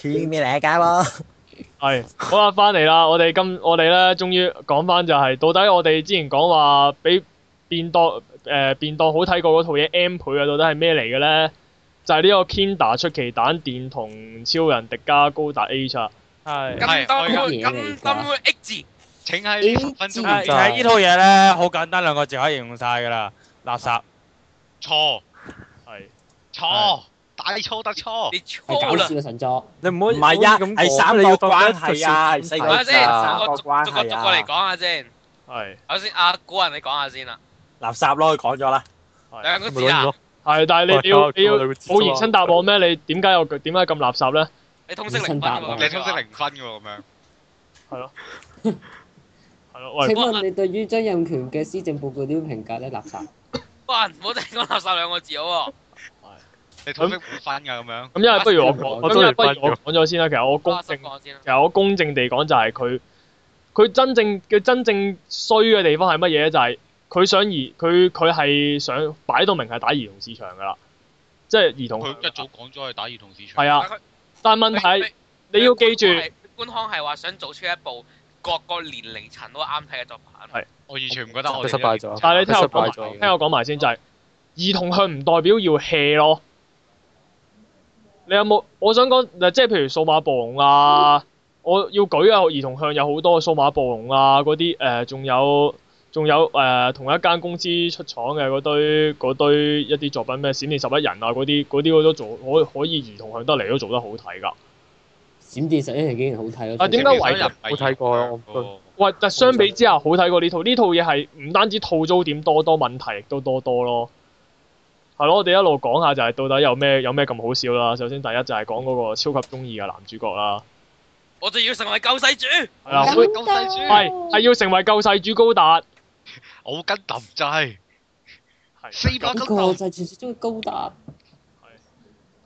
似咩嚟嘅喎？係、啊啊、 好啦，翻嚟啦！我哋今我哋咧，終於講翻就係、是、到底我哋之前講話比便當誒便當好睇過嗰套嘢 M 倍啊，到底係咩嚟嘅咧？就係、是、呢個 Kinder 出奇蛋電同超人迪迦高達 A 七。係。金燈金燈 X，請喺十分鐘完成。係呢套嘢咧，好簡單兩個字可以形容曬㗎啦！垃圾。錯。係。錯。大錯特錯，你錯啦！係九四嘅神作，你唔好唔係一係三，你要關係啊，係四啊，係啊，逐個逐個嚟講下先。係，首先阿古人你講下先啦。垃圾咯，佢講咗啦。係，係但係你要你要好認真答我咩？你點解又點解咁垃圾咧？你通識答，你通識零分嘅咁樣。係咯，係咯。請問你對於曾蔭權嘅施政報告點評價咧？垃圾。喂，唔好聽講垃圾兩個字好喎。咁翻噶咁樣，咁因為不如我講，咁因為不如我講咗先啦。其實我公正，其實我公正地講就係佢，佢真正嘅真正衰嘅地方係乜嘢咧？就係佢想兒，佢佢係想擺到明係打兒童市場噶啦，即係兒童。佢一早講咗去打兒童市場。係啊，但係問題你要記住，官方係話想做出一部各個年齡層都啱睇嘅作品。係，我完全唔覺得。我哋失敗咗。但係你聽我講，埋先就係兒童向唔代表要 hea 咯。你有冇？我想講即係譬如數碼暴龍啊，我要舉啊，兒童向有好多數碼暴龍啊嗰啲，誒仲有仲有誒同一間公司出廠嘅嗰堆嗰堆一啲作品咩閃電十一人啊嗰啲嗰啲我都做可可以兒童向得嚟都做得好睇㗎。閃電十一人竟然好睇啊！但係點解為冇睇過？喂，但相比之下好睇過呢套呢套嘢係唔單止套租點多多問題亦都多多咯。係咯，我哋一路講下就係到底有咩有咩咁好笑啦。首先第一就係講嗰個超級中意嘅男主角啦。我就要成為救世主。係啊了，我救世主。係係要成為救世主高達。好跟斗仔。係。四百高達就係傳說中高達。係。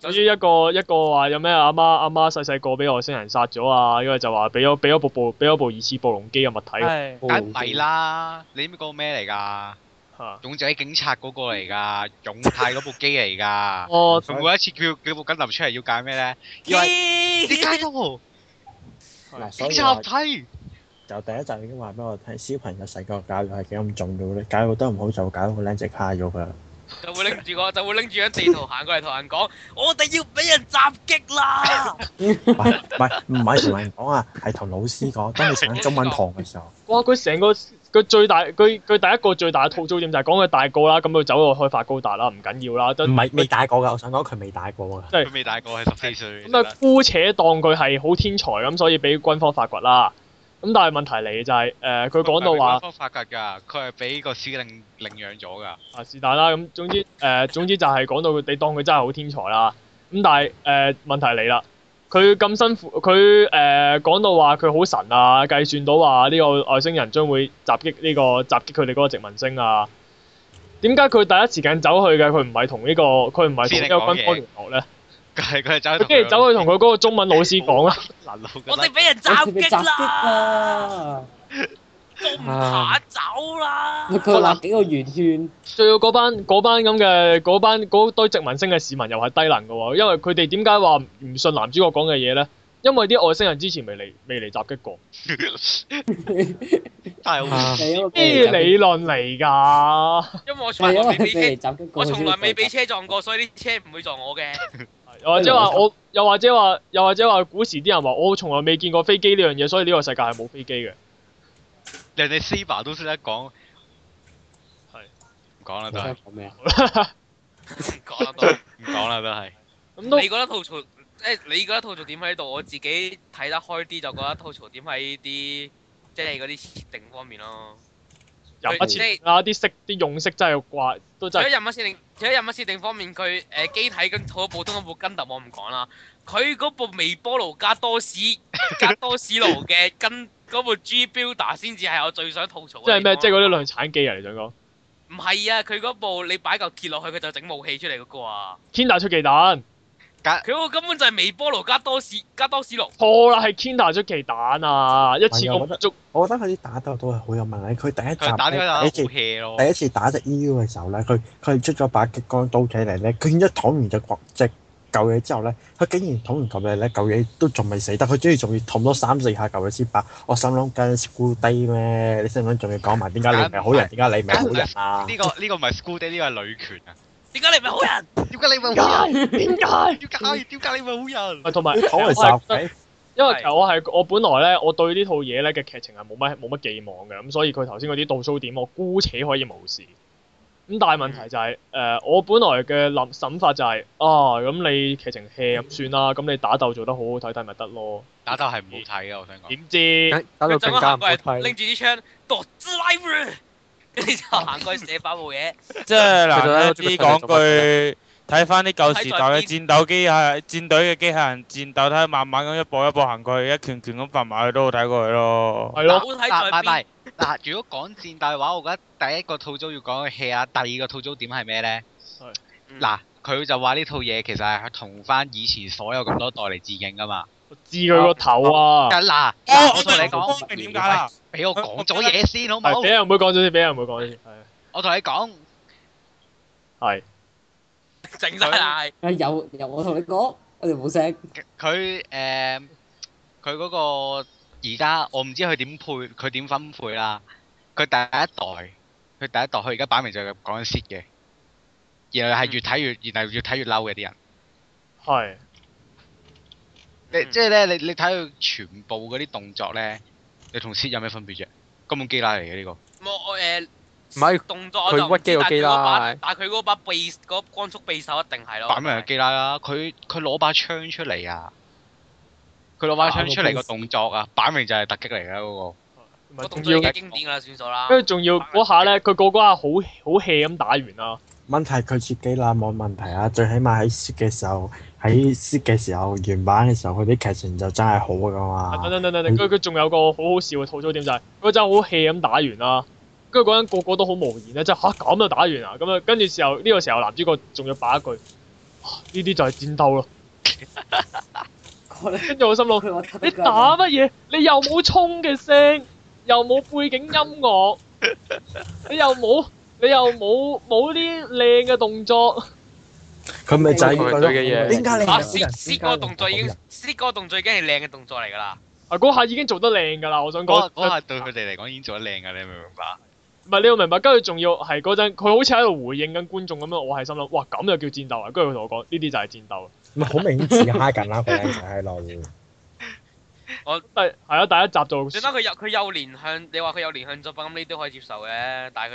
總之一個一個話有咩阿媽阿媽細細個俾外星人殺咗啊，因為就話俾咗俾咗部部俾咗部二次暴龍機嘅物體。係唉。梗係唔係啦，你知唔知個咩嚟噶？勇者警察嗰個嚟噶，勇太嗰部機嚟噶，佢每一次叫叫部筋流出嚟要解咩咧？啲隔音，警察梯就第一集已經話俾我聽，小朋友細個教育係幾咁重要咧，教育得唔好就會教到個靚仔太弱噶，就會拎住個就會拎住張地圖行過嚟同人講，我哋要俾人襲擊啦。唔係唔係唔係同人講啊，係同老師講，當你上中文堂嘅時候。哇！佢成個。佢最大，佢佢第一個最大嘅吐槽點就係講佢大個啦，咁佢走過開發高達啦，唔緊要啦，都唔係未大過噶，我想講佢未大過㗎，即係未大過係十四歲。咁啊、嗯，姑、嗯嗯、且當佢係好天才咁，所以俾軍方發掘啦。咁但係問題嚟就係、是，誒佢講到話軍方發掘㗎，佢係俾個司令領養咗㗎。啊是但啦，咁、嗯、總之誒、呃、總之就係講到佢哋當佢真係好天才啦。咁但係誒、呃、問題嚟啦。佢咁辛苦，佢誒講到話佢好神啊，計算到話呢個外星人將會襲擊呢個襲擊佢哋嗰個殖民星啊。點解佢第一時間走去嘅？佢唔係同呢個，佢唔係同呢個軍方聯絡咧。佢係佢係走。跟住走去同佢嗰個中文老師講啦。 我哋俾人襲擊啦！ 都唔怕走啦！嗱、啊，幾個圓圈，仲、啊、有嗰班嗰班咁嘅嗰班嗰堆殖民星嘅市民又係低能嘅喎，因為佢哋點解話唔信男主角講嘅嘢咧？因為啲外星人之前未嚟未嚟襲擊過， 太好笑！咩理論嚟噶？因為我從來未俾車， 我從來未俾車撞過，所以啲車唔會撞我嘅。又 或者話我，又或者話，又或者話古時啲人話我從來未見過飛機呢樣嘢，所以呢個世界係冇飛機嘅。人哋 c b 都識得講，係唔講啦都係。講咩啊？唔講啦都係。咁都你覺得吐槽，誒、欸、你覺得吐槽點喺度？我自己睇得開啲就覺得吐槽點喺啲，即係嗰啲設定方面咯。人物設定啊，啲、嗯、色啲用色真係要刮，都真係。喺 人物設定，喺人物設定方面，佢誒、呃、機體咁好普通一部根特，我唔講啦。佢嗰部微波爐加多士加多士爐嘅根。 嗰部 GBuilder 先至係我最想吐槽嘅。即係咩？即係嗰啲量產機啊！你想講？唔係啊，佢嗰部你擺嚿鐵落去，佢就整武器出嚟嘅啩。Kinder 出奇蛋，佢嗰它個根本就係微波爐加多士加多士爐。好啦，係 Kinder 出奇蛋啊！一次咁足對，我覺得佢啲捉打鬥都係好有問題。佢第一集打打第一次第一次打隻 EU 嘅時候咧，佢佢出咗把激光刀仔嚟咧，一躺完就國籍。舊嘢之後咧，佢竟然捅完舊嘢咧，舊嘢都仲未死得，佢仲要仲要捅多三四下舊嘢先白。我心諗緊 school day 咩？你使唔使仲要講埋點解你唔係好人？點解、 啊、你唔係好人啊？呢個呢個唔係 school day，呢個係女權啊！點解你唔係好人？點解 你唔係好人？點解 麼？點解 你唔係好人？同埋、呃、我係， 因為我係我本來咧，我對呢套嘢咧嘅劇情係冇乜冇乜寄望嘅，咁所以佢頭先嗰啲倒數點，我姑且可以無視。咁大問題就係、是、誒、呃，我本來嘅諗審法就係、是、哦，咁、啊、你劇情 hea 咁算啦，咁你打鬥做得好好睇，睇咪得咯。打鬥係唔好睇嘅，我想講。點知？打到更加唔好睇。拎住支槍，doze live，跟住就行過去寫包部嘢。即係嗱，啲講句，睇翻啲舊時代嘅戰鬥機械、戰隊嘅機械人戰鬥，睇佢慢慢咁一步一步行過去，一拳拳咁發埋去都好睇過去咯。係咯，拜拜。打打打嗱，如果講戰鬥嘅話，我覺得第一個套租要講嘅係啊，第二個套租點係咩咧？係嗱，佢就話呢套嘢其實係同翻以前所有咁多代嚟致敬噶嘛。我知佢個頭啊。嗱，我同你講點解啦？俾我講咗嘢先好唔好？俾人唔好講咗先，俾人唔好講咗先。係。我同你講，係整晒啦。有有，我同你講，我哋冇聲。佢誒，佢嗰個。而家我唔知佢點配，佢點分配啦。佢第一代，佢第一代，佢而家擺明就講 sit 嘅。然後係越睇越，然後越睇越嬲嘅啲人。係是。即係咧，你你睇佢全部嗰啲動作咧，你同 sit、嗯你跟嗯、有咩分別啫？根本基拉嚟嘅呢個。我我唔係動作，佢屈機個基拉。但係佢嗰把，但、那個、光速匕首一定係咯。擺明係基拉啦！佢佢攞把槍出嚟啊！佢落埋出嚟個動作啊，擺明 就係突擊嚟噶嗰個，啊、個動作經，經典啦，算數啦。跟住仲要嗰下咧，佢個個係好好氣咁打完咯。問題佢自己啦冇問題啊，最起碼喺蝕嘅時候，喺蝕嘅時候原版嘅時候，佢啲劇情就真係好噶嘛。等等等等，佢仲 有個好好笑嘅吐槽點就係、是，佢真係好氣咁打完啦。跟住嗰陣個個都好無言咧，即係吓咁就是啊、打完啊，咁啊跟住時候呢個時候男主角仲要擺一句：呢、啊、啲就係戰鬥咯。 跟住我心諗， 你打乜嘢？你又冇衝嘅聲，又冇背景音樂， 你又冇，你又冇冇啲靚嘅動作。佢咪 就係佢嘅嘢。點解你？啊！個動作已經，個動作已經係靚嘅動作嚟噶啦。啊！嗰下已經做得靚噶啦，我想講。嗰下對佢哋嚟講已經做得靚噶，你明唔明白？唔係你要明白，跟住仲要係嗰陣，佢好似喺度回應緊觀眾咁樣。我係心諗，哇咁又叫戰鬥啊！跟住佢同我講，呢啲就係戰鬥。唔係好明顯自嗨緊啦，佢喺內。我第係啊，第一集就。你覺得佢有佢有連向，你話佢有連向作品咁，你都可以接受嘅。但係佢。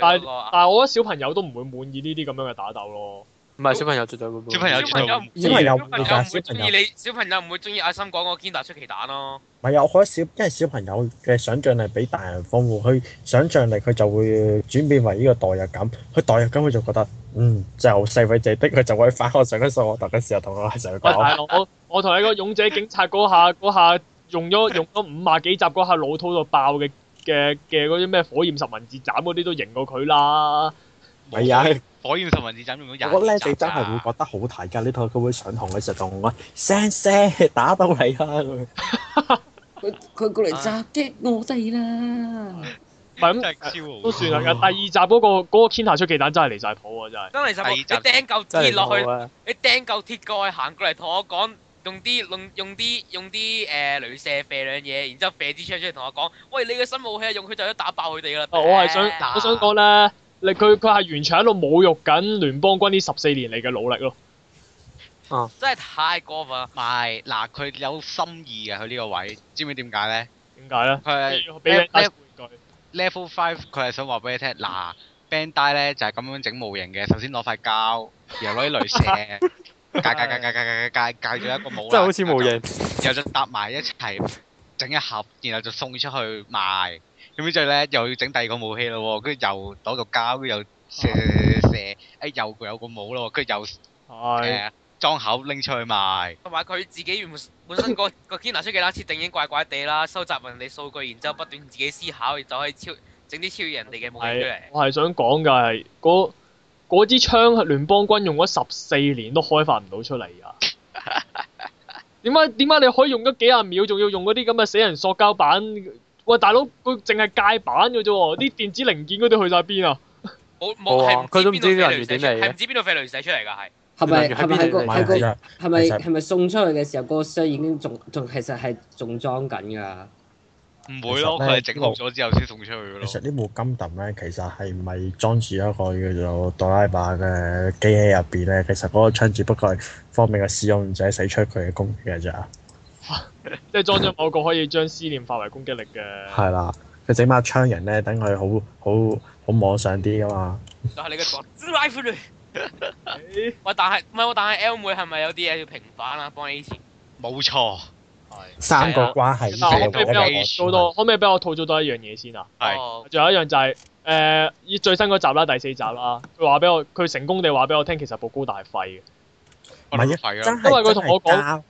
但係，我覺得小朋友都唔會滿意呢啲咁樣嘅打鬥咯。唔係小朋友絕對會，小朋友小朋友因為有你話小朋友唔會中意你，小朋友唔會中意阿森講個堅達出奇蛋咯。唔係啊，我覺得小因為小朋友嘅想像力比大人豐富，佢想像力佢就會轉變為呢個代入感，佢代入感佢就覺得嗯就細細仔的佢就可以反學上嘅數， 我特嘅時候同我阿成佢講。喂，大佬，我我同你個勇者警察嗰下下用咗 用咗五廿幾集嗰下老土到爆嘅嘅嘅嗰啲咩火焰十文字斬嗰啲都贏過佢啦。 係啊，火焰十字斬住我咧，你真係會覺得好睇噶。呢套佢會上堂嘅時候，我 sensei 打到你啦，佢佢過嚟襲擊我哋啦。真係超都算啦。第二集嗰個嗰個 Kinder 出奇蛋真係離晒譜啊，真係。真你十拍。你釘嚿鐵落去，你釘嚿鐵過去行過嚟同我講，用啲用用啲用啲誒鐳射射兩嘢，然之後射支槍出嚟同我講，喂，你嘅新武器用佢就可以打爆佢哋啦。我係想我想講啦。佢佢係完全喺度侮辱緊聯邦軍呢十四年嚟嘅努力咯，真係太過分啦！係嗱，佢有心意嘅佢呢個位，知唔知點解咧？點解咧？佢係 level five，佢係想話俾你聽嗱，band die 咧就係咁樣整模型嘅，首先攞塊膠，然後攞啲鐳射，介介介介介介介介咗一個模，即係好似模型，然後就搭埋一齊整一盒，然後就送出去賣。點知咧又要整第二個武器咯。跟住又攞嚿膠，又射射，哎又有個武器咯。跟住又係啊，裝口拎出去賣。同埋佢自己原本本身個個技能設計啦，設定已經怪怪地啦。收集人哋數據，然之後不斷自己思考，就可以超整啲超越人哋嘅武器出嚟。我係想講嘅係，嗰嗰支槍係聯邦軍用咗十四年都開發唔到出嚟噶。點解點解你可以用咗幾廿秒，仲要用嗰啲咁嘅死人塑膠板？喂，大佬，佢淨係戒板嘅啫喎，啲電子零件嗰啲去晒邊啊？冇冇佢都唔知飛雷魚嚟，係唔知邊度飛雷魚寫出嚟噶？係係咪係咪個係咪係咪送出去嘅時候，個箱已經仲仲其實係仲裝緊㗎？唔會咯，佢係整好咗之後先送出去咯。其實呢部金盾咧，其實係唔係裝住一個叫做哆拉霸嘅機器入邊咧？其實嗰個槍只不過係方便個使用者使出佢嘅工具嘅啫。即係裝咗某個可以將思念化為攻擊力嘅。係啦，佢整把槍人咧，等佢好好好往上啲噶嘛。但係你嘅錯。喂，但係唔係，我但係 L 妹係咪有啲嘢要平反啊？幫你以前。冇錯。係。三個關係嘅關係。可唔可以俾我吐槽多？可唔可以俾我吐槽多一樣嘢先啊？係。仲有一樣就係誒，以最新嗰集啦，第四集啦，佢話俾我，佢成功地話俾我聽，其實部高達廢嘅。唔係一廢噶。真係。因為佢同我講。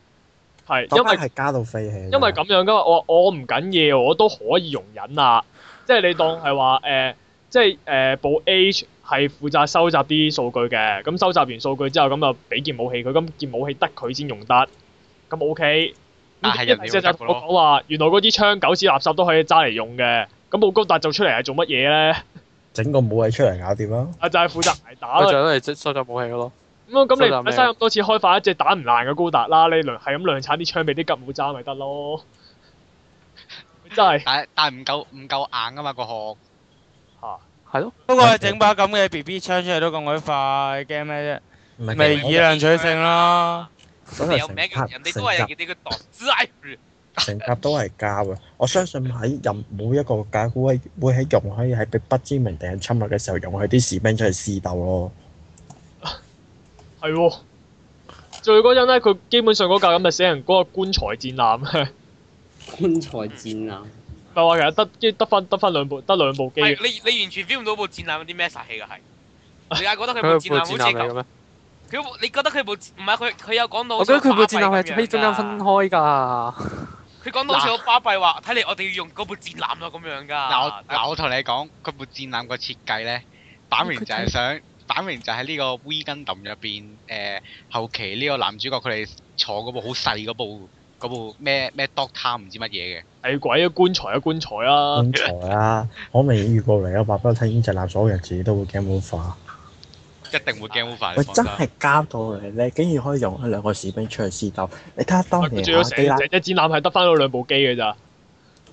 係，因為加到飛起。因為咁樣噶，我我唔緊要，我都可以容忍啊。即係你當係話誒，即係誒、呃、部 H 係負責收集啲數據嘅。咁、嗯、收集完數據之後，咁就俾件武器佢。咁件武器得佢先用得。咁 OK。即係就同我講話，原來嗰啲槍狗屎垃圾都可以揸嚟用嘅。咁冇高達做出嚟係做乜嘢咧？整個武器出嚟搞掂啦。啊！就係負責挨打，打， 打。就係 收集武器咯。咁咁你咪嘥咁多次開發一隻打唔爛嘅高達啦，你量係咁量產啲槍俾啲吉姆揸咪得咯。真係，但但係唔夠唔夠硬啊嘛個殼。嚇，係咯。不過整把咁嘅 BB 槍出嚟都咁鬼快，驚咩啫？未以量取勝啦。有名叫人哋都係有幾啲嘅毒。成甲都係膠啊！我相信喺任每一個甲，會喺會喺用喺被不知名敵人侵略嘅時候，用喺啲士兵出去試鬥咯。係喎，最嗰陣咧，佢基本上嗰架咁咪死人嗰個棺材戰艦。 棺材戰艦。唔係話其實得，即係得翻得翻兩部，得兩部機啊。你你完全 feel 唔到部戰艦有啲咩殺氣㗎係？你係覺得佢部戰艦好奢求？佢、啊啊，你覺得佢部唔係佢佢有講到。我覺得佢部戰艦係可以中間分開㗎。佢 講到好似好巴閉話，睇嚟我哋要用嗰部戰艦啊咁樣㗎。嗱嗱但，我同你講，佢部戰艦個設計咧，擺明就係想。擺明就喺呢個 V Gundam 入邊，誒、呃、後期呢個男主角佢哋坐嗰部好細嗰部部咩咩 Doctor 唔知乜嘢嘅，係鬼啊棺材啊棺材啊！棺材啦、啊！ 我未遇過嚟啊，爸爸。過聽煙仔立咗嘅人自己都會驚烏化，一定會驚烏化。佢真係交到你，咧，竟然可以用兩個士兵出去試鬥。你睇下當年基拉，隻戰艦係得翻到兩部機嘅咋？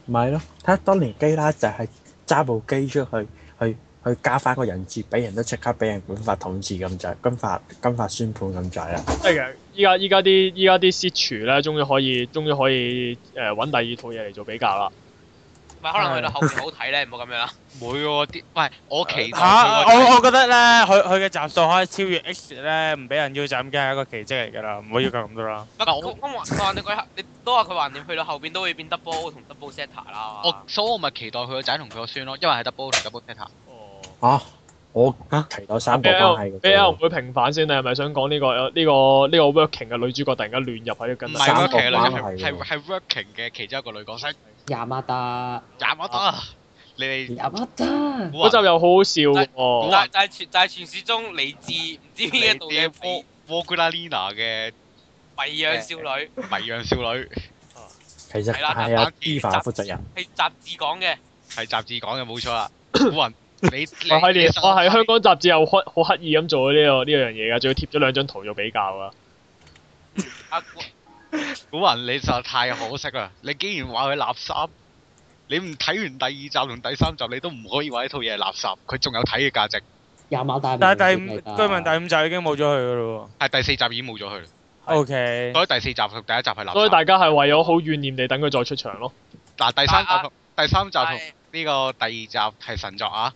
咪咯、啊，睇下當年基拉就係、是、揸部機出去去。去加翻個人質，俾人都即刻俾人管法統治咁就，金法金法宣判咁就啊，係嘅，依家依家啲依家啲 situation 咧，終於可以終於可以誒揾、呃、第二套嘢嚟做比較啦未。唔可能去到後面好睇咧，唔好咁樣。唔會喎，啲喂，我期待、啊、我我覺得咧，佢佢嘅集數可以超越 X 咧，唔俾人腰斬咁嘅一個奇蹟嚟㗎啦，唔可以咁多啦。嗱、嗯，佢我話 你講，你都話佢橫掂，去到後邊都會變 double 同 double setter 啦。我所以我咪期待佢個仔同佢個孫咯，因為係 double 同 double, double setter。啊！我啊，期待三個關係嘅。B L 唔會平反先，你係咪想講呢個？有呢個呢個 working 嘅女主角突然間亂入喺一間，三個關係係係 working 嘅其中一個女角色。廿乜得？廿乜得？你廿乜得？嗰集又好好笑喎！但係傳但係傳説中嚟自唔知邊一度嘅沃沃古拉莉娜嘅迷樣少女。迷樣少女。其實係啊，B I 負責人係雜誌講嘅，係雜誌講嘅冇錯啦。我喺我喺香港雜誌又屈好刻意咁做呢、這個呢樣嘢噶，仲要貼咗兩張圖做比較啊！阿古 古文，你就太可惜啦！你竟然話佢垃圾，你唔睇完第二集同第三集，你都唔可以話呢套嘢係垃圾，佢仲有睇嘅價值。亞馬大，但係第五居民第五集已經冇咗佢噶啦喎。係、嗯、第四集已經冇咗佢。O K 是。Okay. 所以第四集同第一集係垃圾。所以大家係為咗好怨念地等佢再出場咯。嗱、啊啊，第三集同第三集同呢個第二集係神作啊！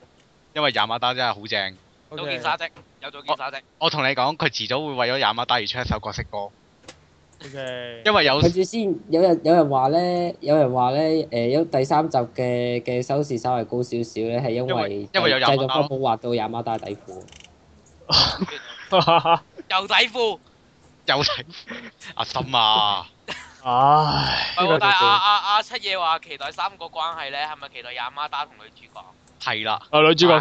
因為亞馬達真係好正，有件紗織，有咗件紗織。我同你講，佢遲早會為咗亞馬達而出一首角色歌。因為有少先有人有人話咧，有人話咧，誒，有第三集嘅嘅收視稍微高少少咧，係因為製作方冇畫到亞馬達底褲。有底褲，有底褲，阿森啊！啊！但係阿阿阿七爺話期待三個關係咧，係咪期待亞馬達同女主角？係啦，啊女主角，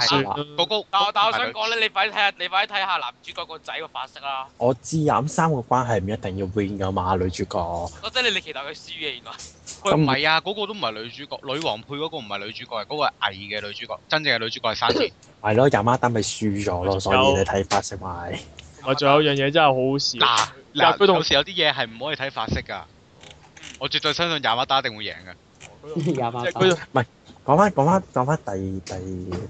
哥哥。但但我想講咧，你快睇下，你快睇下男主角個仔個髮色啦。我知呀，咁三個關係唔一定要 win 噶嘛，女主角。我真係你，你期待佢輸嘅，原來。唔係啊，嗰個都唔係女主角，女王配嗰個唔係女主角，嗰個係偽嘅女主角，真正嘅女主角係生。係咯，亞麻丹咪輸咗咯，所以你睇髮色咪。我仲有一樣嘢真係好好笑。嗱嗱，佢同時有啲嘢係唔可以睇髮色噶。我絕對相信亞麻丹一定會贏嘅。亞麻丹。唔係。講翻講翻講翻第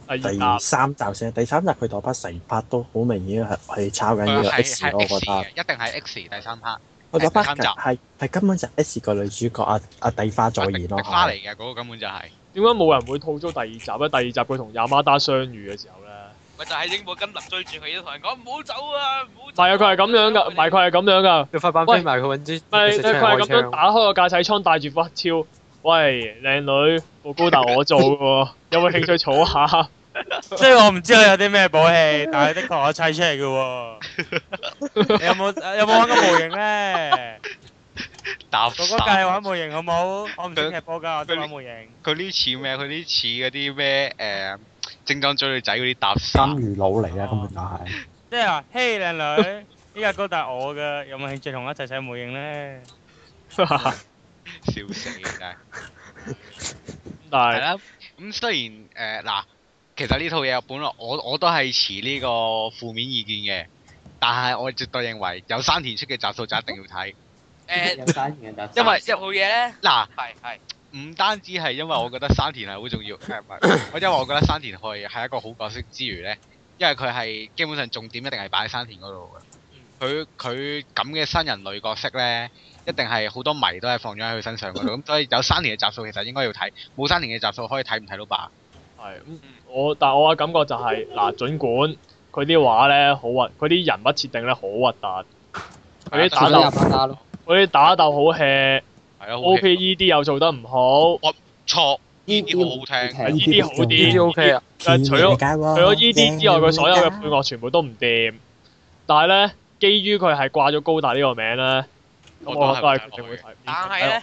第第三集先，第三集佢嗰 part 成 part 都好明顯係係抄緊嘅 X 咯，我覺得一定係 X 第三 part。我嗰 part 係係根本就 X 個女主角阿阿帝花再現咯，花嚟嘅嗰個根本就係。點解冇人會吐槽第二集咧？第二集佢同亞媽打相遇嘅時候咧，咪就係英母金立追住佢，要同人講唔好走啊！唔好走啊。大概係咁樣噶，大概係咁樣噶。你快快飛埋去搵支。咪就係咁樣打開個駕駛艙，帶住黑超。喂，靚女，我高達我做嘅，有冇興趣儲下？雖然我唔知佢有啲咩寶器，但係的確我砌出嚟嘅。你有冇有冇玩過模型咩？我梗係玩模型好唔好？我唔想踢波噶，都玩模型。佢啲似咩？佢啲似嗰啲咩？誒，精裝追女仔嗰啲搭衫。金魚佬嚟啊！根本就係。即係話，嘿，靚女，呢個高達我嘅，有冇興趣同我一齊砌模型咧？笑死，真係 是。係啦，嗯，咁雖然誒嗱，呃，其實呢套嘢本來我我都係持呢個負面意見嘅，但係我絕對認為有山田出嘅集數就一定要睇。誒，呃， 有因為一為套嘢咧，嗱，係，呃，係，唔 單止係因為我覺得山田係好重要，唔我因為我覺得山田去以係一個好角色之餘咧，因為佢係基本上重點一定係擺喺山田嗰度嘅。佢佢咁嘅新人類角色咧。一定係好多迷都係放咗喺佢身上嗰度，咁所以有三年嘅集數其實應該要睇，冇三年嘅集數可以睇唔睇到吧？係，我但係我嘅感覺就係嗱，儘管佢啲畫咧好核，佢啲人物設定咧好核突，佢啲打鬥，啲打鬥好吃，O P E D 又做得唔好，我錯，E D 好聽，呢啲好啲，O K 啊，除咗除咗 E D 之外，佢所有嘅配樂全部都唔掂，但係咧，基於佢係掛咗高達呢個名咧。我都係，但係咧，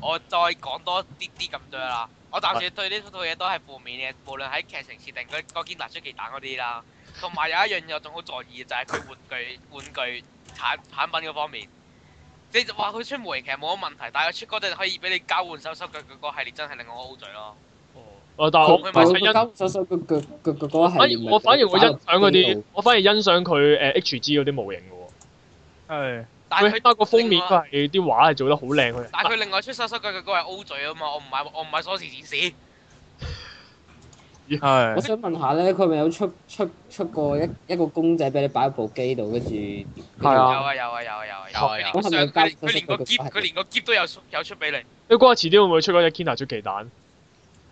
我，我再講多啲啲咁多啦。 啊、我暫時對呢套嘢都係負面嘅，無論喺劇情設定嗰個健達出奇蛋嗰啲啦，同埋有一樣嘢我仲好在意就係、係、佢玩具玩具產產品嗰方面。你話佢出模型其實冇乜問題，但係出嗰啲可以俾你交換手手腳腳嗰系列真係令我 O 嘴咯、啊。哦，但係我我交換手手腳腳腳嗰系我反而我欣賞嗰啲， 我反而欣賞佢誒、 呃呃、H G 嗰啲模型嘅喎。係、哎。但佢喺多個封面都係啲外畫係做得好靚佢。但佢另外出新收嘅佢個係 O 嘴啊嘛，我唔買我唔買鎖匙展示。係。我想問下咧，佢咪有，有出出出過一一個公仔俾你擺喺部機度，跟住對有、啊、有啊，有啊有啊有啊有啊。我係咪佢連個夾佢連個夾都有有出俾你？你估下遲啲會唔會出嗰隻 Kina 出奇蛋？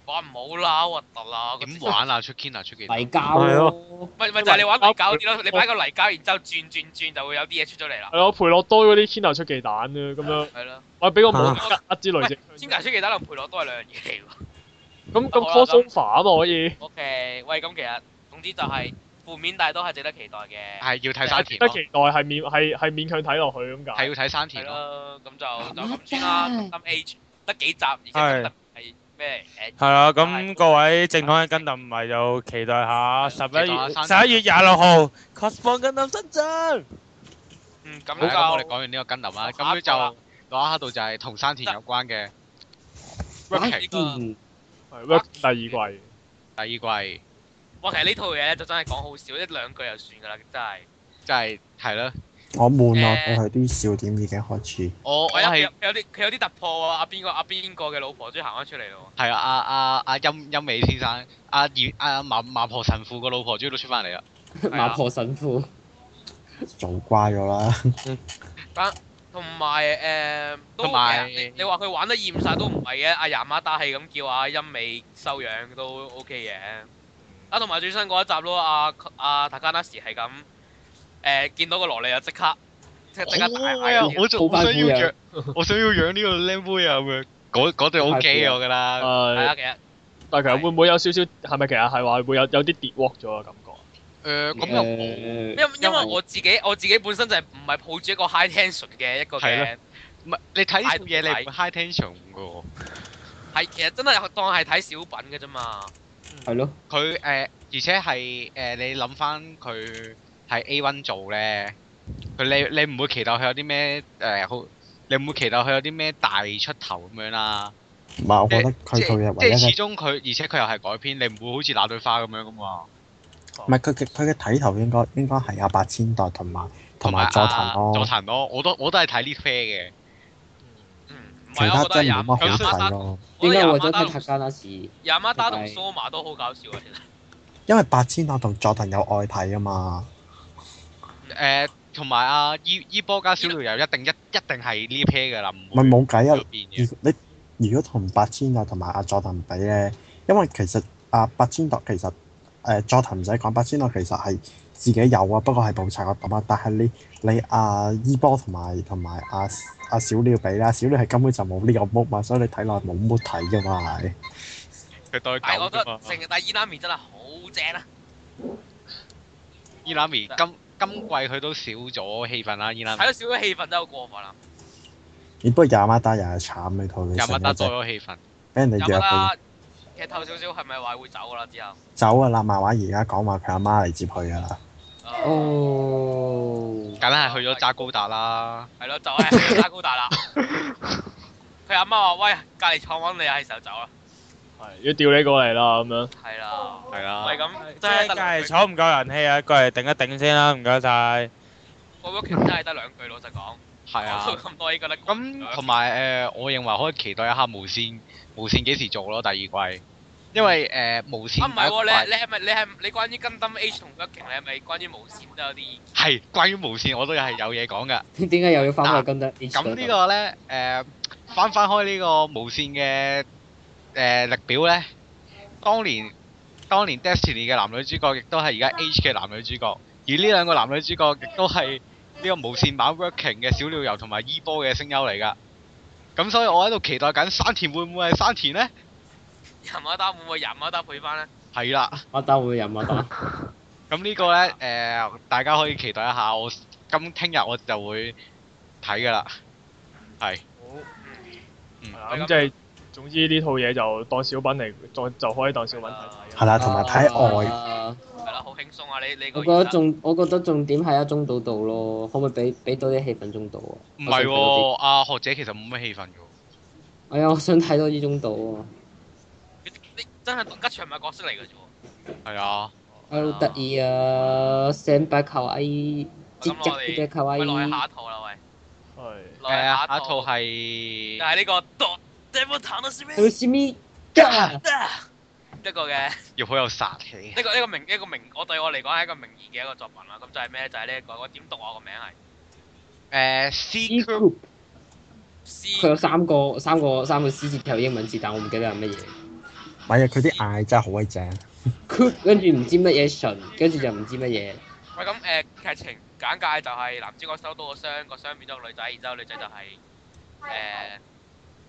哇唔好啦，核突啦！點玩啊？出 Kina 出奇蛋，泥膠咪咪就係你玩泥膠嗰啲咯，你擺個泥膠，然之後轉轉轉就會有啲嘢出咗嚟啦。係咯，培樂多嗰啲 Kina 出奇蛋啊，咁樣。係咯，或者俾個冇骨之類先。Kina 出奇蛋同培樂多係兩樣嘢嚟喎。咁咁 Cozmo 反啊可以。OK，喂，咁其實總之就係負面，但都係值得期待嘅。係要睇山田。值得期待係勉係係勉強睇落去咁解。係要睇山田咯，咁就就咁先啦。《Dark Age》得幾集而且。咩？係啊，咁各位正統嘅筋豆唔係就期待下十一月，十一月廿六號 cosplay 筋豆生長。嗯，咁就我哋講完呢個筋豆啦。咁佢就落下度就係同山田有關嘅。嗯，係第二季，第二季。哇，其實呢套嘢就真係講好少，一兩句就算噶啦，真係。真係係咯。我悶啊！我係啲笑點已經開始。我我一係有啲佢有啲突破喎，阿邊個阿邊個嘅老婆終於行翻出嚟咯。係啊，阿阿阿音音美先生，阿葉阿馬馬婆神父個老婆終於都出翻嚟啦。馬婆神父做乖咗啦。啊，同埋誒都唔係你話佢玩得厭晒，都唔係嘅，阿爺阿媽打氣咁叫阿音美收養都 O K 嘅。啊，同埋最新嗰一集咯，阿阿塔加拉斯係咁。誒見到個羅莉啊！即刻即即刻排排我，我仲想要養我想要養呢個靚妹啊！咁樣嗰嗰對 O.K. 我覺得啦，係啊，其實但其實會唔會有少少係咪其實係話會有有啲跌 rock 咗嘅感覺？誒咁又冇，因因為我自己我自己本身就係唔係抱住一個 high tension 嘅一個嘅，唔係你睇呢種嘢你係唔係 high tension 噶？係其實真係當係睇小品嘅啫嘛，係咯。佢誒而且係誒你諗翻佢。喺 A one 做咧，佢你你唔會期待佢有啲咩誒好？你唔會期待佢有啲咩大出頭咁樣啦，啊。唔係，我覺得佢佢係唯一即係始終佢，而且佢又係改編，你唔會好似那對花咁樣噶嘛。唔係佢佢嘅睇頭應該應該係阿八千代同埋同埋佐藤佐藤咯。我都我都係睇呢 pair 嘅，其他真係冇乜好睇咯。點解？為咗睇阿沙拉斯，阿媽達同蘇馬都好搞笑啊！其實因為八千代同佐藤有愛睇啊嘛。誒同埋阿伊伊波加小鳥又一定一一定係呢 pair 嘅啦，唔係冇計啊！你如果同八千啊同埋阿佐藤比咧，因為其實阿八千度其實誒佐藤唔使講，八千度其實係自己有啊，不過係冇齊個啊。但係你你阿伊波同埋同埋阿阿小鳥比啦，小鳥係根本就冇呢個屋嘛，所以你睇落冇乜睇嘅嘛係。佢對狗添啊！我覺得成日帶伊拉咪真係好正啊！伊拉咪今。今季佢都少咗氣氛啦，而家睇到少咗氣氛都有過分啦、欸。不過廿孖打又係慘嘅，佢廿孖單多咗氣氛，俾人哋約佢劇透少少，係咪話會走噶啦？之後走啊啦！漫畫而家講話佢阿媽嚟接佢噶啦，哦，梗係去咗揸高達啦，係咯， 走咗揸高達啦。佢阿 媽話，喂，隔離廠揾你係時候走啦。要調你過嚟啦，咁樣。係啦。係啊。唔係咁，真係真係坐唔夠人氣啊！過嚟頂一頂先啦，唔該晒。我覺得其他都係得兩句，老實講。係啊。咁多呢個咧。咁同埋誒，我認為可以期待一下無線無線幾時做咯，第二季。因為誒無線。啊唔係，你你係咪你係你關於跟登 H 同北境咧？係咪關於無線都有啲？係關於無線，我都係有嘢講噶。點解又要翻翻跟登 H？咁呢個咧，誒，翻翻開呢個無線嘅。誒、呃，力錶呢，當年當年 Destiny 嘅男女主角，亦都係而家 H 嘅男女主角，而呢兩個男女主角，亦都係呢個無線版 Working 嘅小鳥遊同埋伊波嘅聲優嚟噶。咁所以我喺度期待緊山田會唔會係山田呢？任一斗會唔會任一斗配翻咧？係啦、啊。了我斗會任一斗。咁呢 個呢，誒、呃，大家可以期待一下，我咁聽日我就會睇噶啦。係。好。嗯。咁即係。嗯。總之呢套嘢就當小品嚟，再就可以當小品睇。係啦，同埋睇愛。係啦，好輕鬆啊！你你我覺得重，我覺得重點係阿中島度咯，可唔可以俾俾多啲氣氛中島啊？唔係喎，阿學姐其實冇乜氣氛噶。哎呀，我想睇多啲中島啊！你真係吉祥咪角色嚟噶啫喎？係啊。啊，好得意啊！上擺球衣，接着擺球衣。咁我哋咪落去下一套啦，喂。係。誒，下一套係。但係呢個。詹姆一個嘅，要好有殺氣。呢個一個名一個名，我對我嚟講係一個名義嘅一個作品啦。咁就係咩就係、是、呢、這個點讀我個名係誒、欸、c r 佢有三個三個三個 C 字，有英文字，但我唔記得係乜嘢。喂呀、欸，佢啲嗌真係好鬼正。跟住唔知乜嘢神，跟住就唔知乜嘢。喂，咁誒劇情簡介就係、是、男主角收到個箱，個箱變咗個女仔，然之後女仔就係、是、誒。呃啊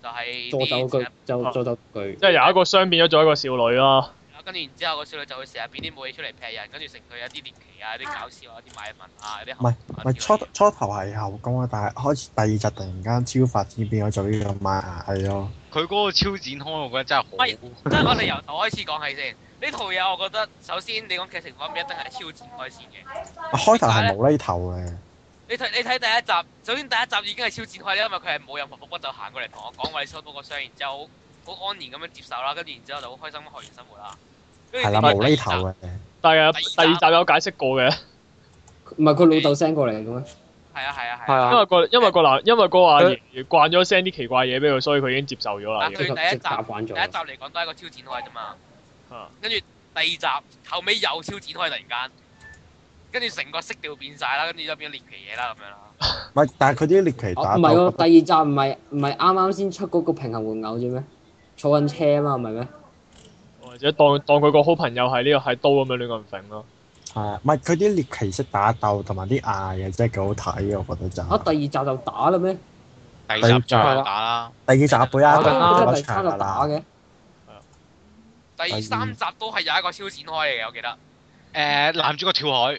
就係做到佢，就做到佢，即係由一個商變咗做一個少女咯。跟住然之後，個少女就會成日變啲武器出嚟劈人，跟住成佢有啲獵奇啊，有啲搞笑啊，有啲賣萌啊，啲唔係唔係初初，初頭係後宮啊，但係開始第二集突然間超發展變咗做呢個賣萌咯。佢嗰個超展開，我覺得真係好。真係我哋由頭開始講起先，呢套嘢我覺得首先你講劇情方面一定係超展開先嘅。開頭係無厘頭嘅。你睇你睇第一集，首先第一集已經係超展開咧，因為佢係冇任何伏筆就行過嚟同我講話你收個箱，然之後好安然咁樣接受啦，跟住然之後就好開心咁開完生活啦。係啦，無釐頭嘅。但係第，第二集有解釋過嘅。唔係佢老豆 send 過嚟嘅咩？係啊係啊係。啊，啊因，因為個因為個男因為個阿爺慣咗 send 啲奇怪嘢俾佢，所以佢已經接受咗啦。但第一集第一集嚟講都係個超展開啫嘛。跟住第二集後尾又超展開，突然間。.跟住成個色調變晒啦，跟住就變咗獵奇嘢啦咁樣啦。係， 但係佢啲獵奇打唔係喎。啊、覺第二集唔係唔係啱啱先出嗰個平衡活偶啫咩？坐緊車啊嘛，係咪咩？或者當當佢個好朋友係呢、這個係刀咁樣亂咁揈咯。係啊，唔係佢啲獵奇式打鬥同埋啲嗌嘅，真係幾好睇啊！我覺得就吓、是啊、第二集就打啦咩？第二集係、啊就是、啦。第二集背啊，即係第三就打嘅。第三集都係有一個超展開嚟嘅，我記得。誒，男主角跳海。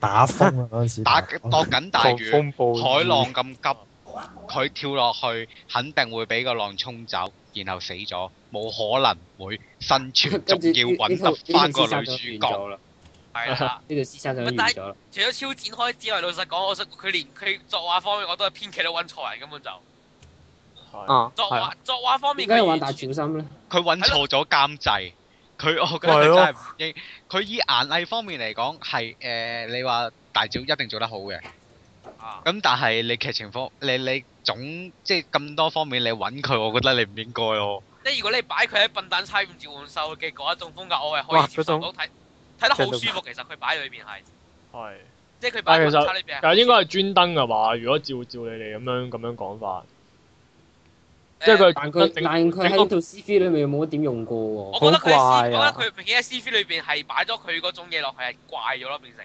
打風嗰、啊、陣時打，打落緊大雨，喔、風海浪咁急，佢哇跳落去肯定會俾個浪沖走，然後死咗，冇可能會生存，仲著要揾得翻個女主角。係啦，呢個師生就完咗啦。但係除咗超展開之外，老實講，我識佢連佢作畫方面我都係編劇都揾錯人，根本就作畫作畫方面梗係玩大全心啦，佢揾錯咗監製。佢我覺得真係唔應，佢以顏藝方面嚟講係誒，你話大招一定做得好嘅，咁但係你劇情方，你你總即係咁多方面你揾佢，我覺得你唔應該咯。即係如果你擺佢喺笨蛋測驗召喚獸嘅嗰一種風格，我係可以接受到，睇睇得好舒服。其實佢擺喺裏邊係係，即係佢擺喺笨蛋測裏邊。但係應該係專登嘅話，如果照照你哋咁樣咁樣講法。即係佢，但佢他整但佢喺套 C V 裏面冇一點用過喎，我覺得怪我覺得佢喺 C V 裏邊係擺咗佢嗰種嘢落去，係怪咗咯，變成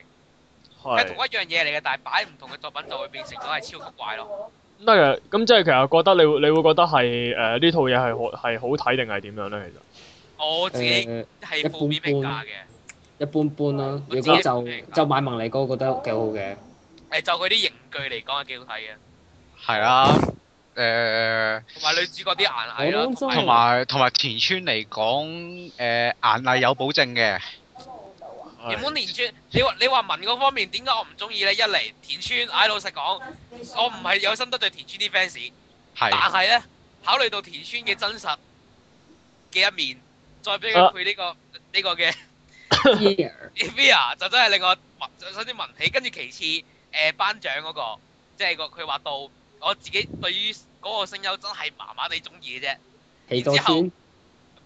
係是同一樣嘢嚟嘅，但係擺唔同嘅作品就會變成咗係超級怪咯。咁但係咁即係其實覺得你會你會覺得係誒、呃、呢套嘢係係好睇定係點樣咧？其實我自己誒係負面評價、呃、般般嘅，一般般啦、啊。我自己如果就、啊、就買孟麗哥，我、嗯、覺得幾好嘅。誒、呃，就佢啲刑具嚟講，係幾好睇嘅。係啊。誒同埋女主角嗰啲顏藝啦，同埋同埋田村嚟講，誒、呃，顏藝有保證嘅。原本、嗯、田村，你話你話文嗰方面點解我唔中意咧？一嚟田村，唉老實講，我唔係有心得罪田村啲 fans，係是，但係咧考慮到田村嘅真實嘅一面，再俾佢呢個呢、啊、個嘅，Yuya 就真係令我文首先文起，跟住其次誒、呃、班長嗰、那個，即係個佢話到。我自己對於嗰個聲優真係麻麻地中意嘅啫。起多先，唔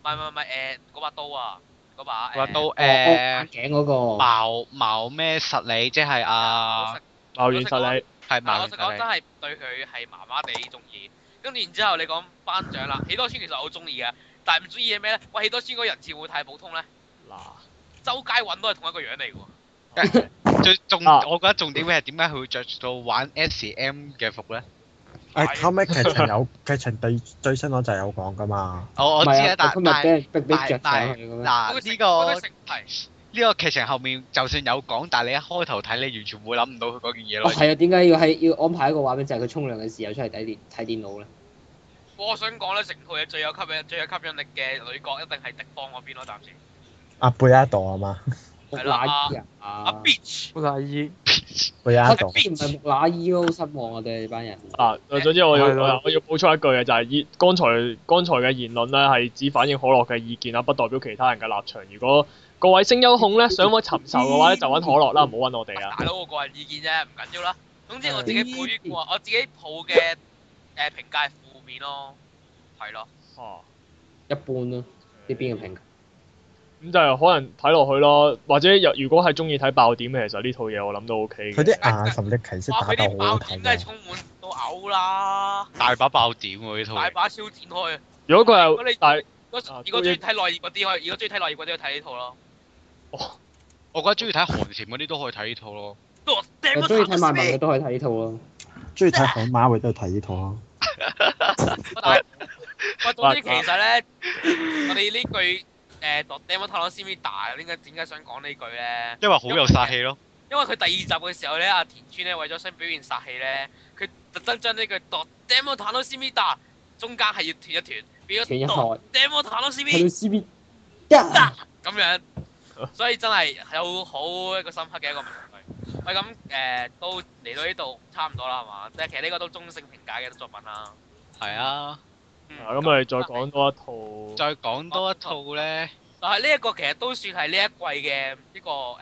係唔係唔係，誒嗰把刀啊，嗰把。嗰把刀誒，頸嗰個。冇冇咩實力，即係啊，冇實力，係冇實力。係，我真係對佢係麻麻地中意。咁然之後你講班長啦，起多先其實我好中意嘅，但係唔中意嘅咩咧？喂，起多先嗰個人設會太普通咧。嗱。周街揾都係同一個樣嚟喎。最重我覺得重點係點解佢會著住到玩 SM 嘅服咧？係後尾劇情有劇情對最新嗰陣有講噶嘛，我知啊，但係但但嗱，呢個呢個劇情後面就算有講，但係你一開頭睇你完全會諗唔到佢嗰件嘢咯。係啊，點解要喺要安排一個畫面就係佢沖涼嘅時候出嚟睇電睇電腦咧？我我想講咧，成套嘢最有吸引、最有吸引力嘅女角一定係敵方嗰邊咯，暫時阿貝拉朵啊嘛。阿阿阿 Bitch，我個阿姨，佢又喺度。阿 Bitch 唔係木乃伊咯，好失望啊！我哋呢班人。啊，總之我要我要補充一句嘅就係、是、依剛才、嗯、剛才嘅言論咧係只反映可樂嘅意見啊，不代表其他人嘅立場。如果各位聲優控咧想揾尋仇嘅話咧就揾可樂啦，唔好揾我哋啦、啊啊。大佬，我個人意見啫，唔緊要啦。總之我自己背過，嗯、我自己抱嘅誒評價係負面咯。係咯。哦、啊。 一般、啊、咯，呢邊嘅評價。咁就係可能睇落去咯，或者又如果係中意睇爆點嘅，其實呢套嘢我諗都 O K。佢啲眼神力奇釋打鬥好睇。爆點都係充滿到嘔啦！大把爆點喎，呢套。大把超展開！如果佢係，如果你如果中意睇內頁嗰啲可以，如果中意睇內頁嗰啲可以睇呢套咯。我我覺得中意睇韓情嗰啲都可以睇呢套咯。都我中意睇漫漫嘅都可以睇呢套咯。中意睇海馬嘅都睇呢套啊！我總之其實咧，我哋呢句。誒，Demon 塔羅 Cvda，點解點解想講呢句咧？因為好有殺氣咯。因為佢第二集嘅時候咧，阿、 啊、田村咧為咗想表現殺氣咧，佢特登將呢句奪 Demon 塔羅 Cvda 中間係要斷一斷，變咗奪 Demon 塔羅 Cv，一咁樣，所以真係有好一個深刻嘅一個問題。喂、欸，咁誒都嚟到呢度差唔多啦，係嘛？即係其實呢個都中性評價嘅作品啦。係 啊。嗱，咁我哋再講多一套，再講多一套咧。但係呢一個其實都算係呢一季嘅一個誒。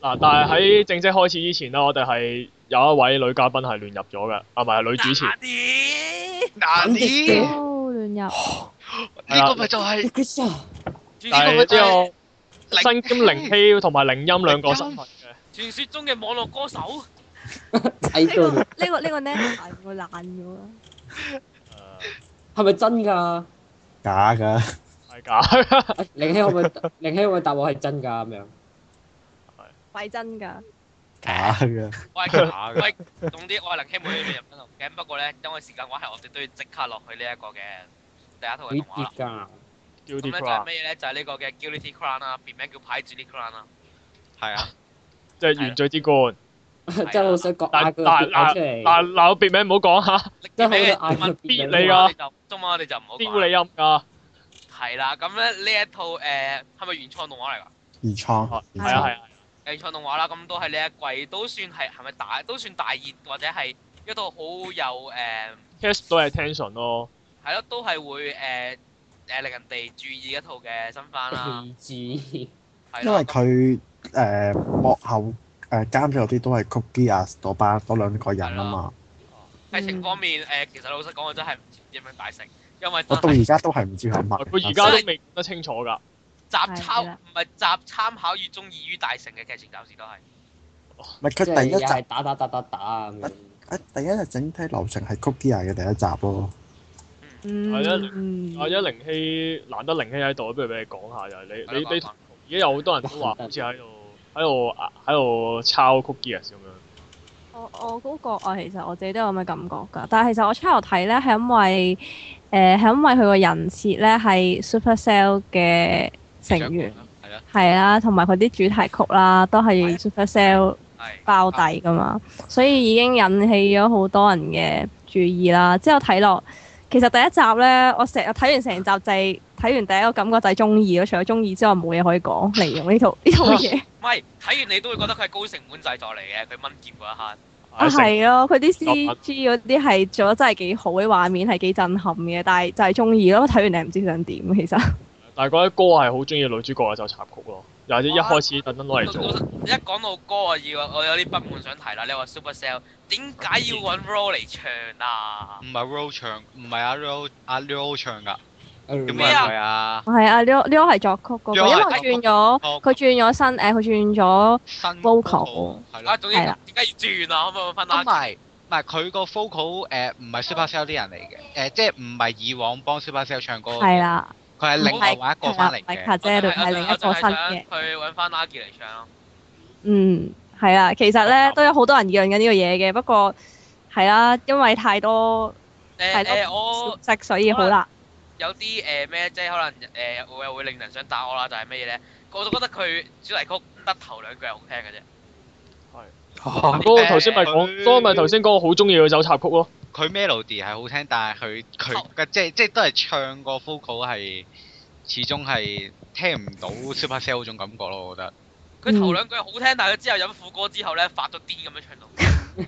嗱，但係喺正式開始之前呢，我哋係有一位女嘉賓係亂入咗嘅，啊唔係、呃、女主持。難啲，難啲，亂入、啊。呢個咪就係、是，係呢新兼靈 K 同埋靈，靈音兩個身份嘅。傳說中嘅網絡歌手。睇到 沒、這個。呢、這個呢、這個呢？我爛咗。 係咪真噶、啊？假噶的？ 係假。凌熙可唔可以？凌熙可唔可以答我係真噶咁樣？係、 啊。係真噶？假噶。我假嘅。喂，凍啲，我係林希妹未入翻度 g a 不過咧，因為時間關係，我哋都要即刻落去呢一個嘅第一套嘅動畫。噶！叫跌價。咁樣就係咩咧？就係、是、呢個嘅 Guilty Crown 啦、啊，別名叫牌罪之冠啦。係啊，即係、啊、 原罪之冠。 真係好想割 好 啊！嗱嗱嗱別名唔好講嚇，真係你㗎，就中文你就唔好。刁你音㗎，係啦、啊。咁咧呢一套誒係咪原創動畫嚟㗎？原創係啊係啊，原創動畫啦。咁都係呢一季都算係係咪大都算大熱，或者係一套好有誒？其實都係 attention 咯。係、啊、咯，都係會誒誒令人哋注意一套嘅新番啦。注意，因為佢誒、呃、幕後。誒、呃、監票嗰啲都係 Cookie 啊、朵巴嗰兩個人啊嘛。嗯、劇情方面誒、呃，其實老實講我真係唔知點樣大成，因為我到而家都係唔知係乜。佢而家都未得清楚㗎。是的集抄唔係集參考越中意於大成嘅劇情暫時都係。唔係佢第一集打打打打打，打，打第一日整體流程係 Cookie 嘅第一集咯。嗯。或者靈希難得靈希喺度，不如俾你講下就係你你你，而家有好多人都話唔知喺度。喺度喺度抄曲 g e 咁樣，我我嗰個啊，其實我自己都有咁嘅感覺㗎。但係其實我出頭睇咧，係因為誒係、呃、因為佢個人設咧係 Super Cell 嘅成員，係啊，係啊，同埋佢啲主題曲啦，都係 Super Cell 包底㗎嘛，所以已經引起咗好多人嘅注意啦。之後睇落，其實第一集咧，我成日睇完成集就係、是。睇完第一個感覺就係中意，咯，除咗中意之外，冇嘢可以講嚟用呢套呢套嘢。唔係睇完你都會覺得佢係高成本製作嚟嘅，佢蚊尖嗰一坑。啊係咯，佢啲 CG 嗰啲係做得真係幾好嘅。畫面係幾震撼嘅，但係就係中意咯。睇完你唔知想點其實、 啊。但係嗰啲歌係好中意女主角就插曲咯，又或者一開始特登攞嚟做。啊啊啊啊、一講到歌啊，要我有啲不滿想提啦。你話 Supercell 點解要揾 Roll 嚟唱啊？唔係 Roll 唱，唔係阿 Ro 啊 Ro 唱噶。做咩啊？係啊，呢個呢個係作曲嗰個，因為轉咗佢轉咗新誒，佢轉咗新 vocal 係咯，係啦。點解要轉啊？可唔可分開？咁唔係唔係佢個 vocal 誒唔係 Supercell 啲人嚟嘅誒，即係唔係以往幫 Supercell 唱歌係啦，佢係另外揾一個嚟度，係另一個新嘅。佢揾翻阿杰嚟唱咯。嗯，係啊，其實咧都有好多人養緊呢個嘢嘅，不過係啊，因為太多太多水所以好難。有啲誒咩，即、呃、係可能誒又、呃、會，會令人想打我啦，就係咩嘢咧？我都覺得佢主題曲得頭兩句係好聽嘅啫。係。嗰、啊啊、個頭先咪講，嗰他個咪頭先嗰個好中意嘅首插曲咯。佢 melody 係好聽，但係佢佢嘅即係即係都係唱過 vocal 係始終係聽唔到 supercell 嗰種感覺咯，我覺得。佢頭兩句好聽，但係佢之後飲副歌之後咧，發咗癲咁樣出嚟。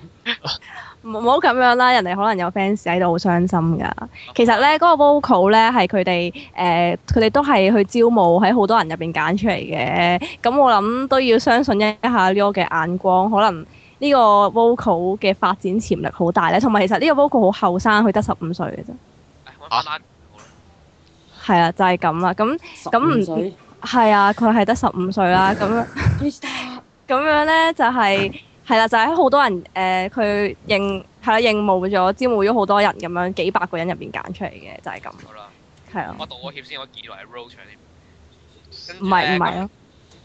唔好咁樣啦，人哋可能有 fans 喺度好傷心噶。其實咧，嗰、那個 vocal 咧係佢哋誒，佢哋、呃、都係去招募喺好多人入邊揀出嚟嘅。咁我諗都要相信一下 Leo 嘅眼光，可能呢個 vocal 嘅發展潛力好大咧。同埋其實呢個 vocal 好後生，佢得十五歲嘅啫。係啊，啊，就係、是、咁啦。咁咁唔。係啊，佢係得十五歲啦，咁樣咁 樣咧就係係啦，就喺、是、好、就是、多人誒，佢、呃、認係啦認募咗招募咗好多人咁樣幾百個人入邊揀出嚟嘅就係、是、咁，係啊吧。的我道歉先，我見到係 rotate a。唔係唔係咯。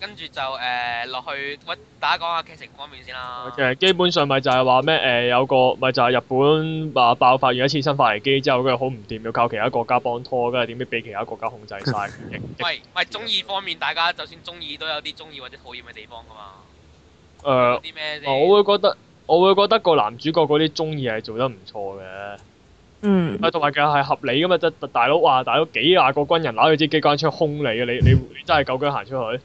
跟住就誒落、呃、去揾大家講下劇情方面先啦。Okay, 基本上咪就係話咩誒有個咪就係日本話爆發完一次生化危機之後，佢好唔掂，要靠其他國家幫拖。跟住點知俾其他國家控制曬？唔係唔係 該，中二方面，大家就算中二都有啲中意或者討厭嘅地方噶嘛。誒、呃，我會覺得我會覺得個男主角嗰啲中二係做得唔錯嘅。嗯。同埋其實係合理噶嘛？即大佬話，大佬幾廿個軍人攞住支機關槍轟你嘅，你你，你，你真係夠薑行出去？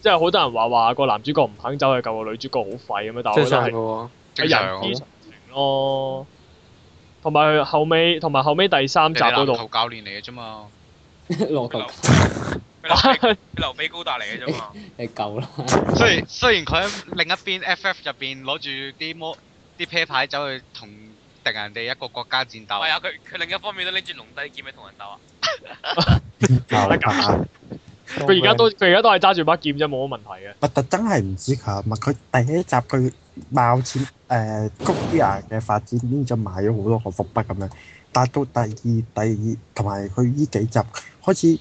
即係好多人話話個男主角唔肯走去救個女主角好廢咁樣，但係我覺得係係人之常情咯。同埋人間、哦、後尾同埋後尾第三集嗰度，教練嚟嘅啫嘛，足球。劉備 高達嚟嘅啫嘛，你救啦。以 雖然雖然佢喺另一邊 FF 入邊攞住啲魔啲啤牌走去同敵人哋一個國家戰鬥。係啊、哎，佢佢另一方面都拎住龍帝劍去同人鬥啊。 佢而家都佢而家都係揸住把劍啫，冇乜問題嘅。特登係唔知佢，唔係佢第一集佢爆錢誒，谷雅嘅發展已經就買咗好多個伏筆咁樣。但到第二、第二同埋佢呢幾集開始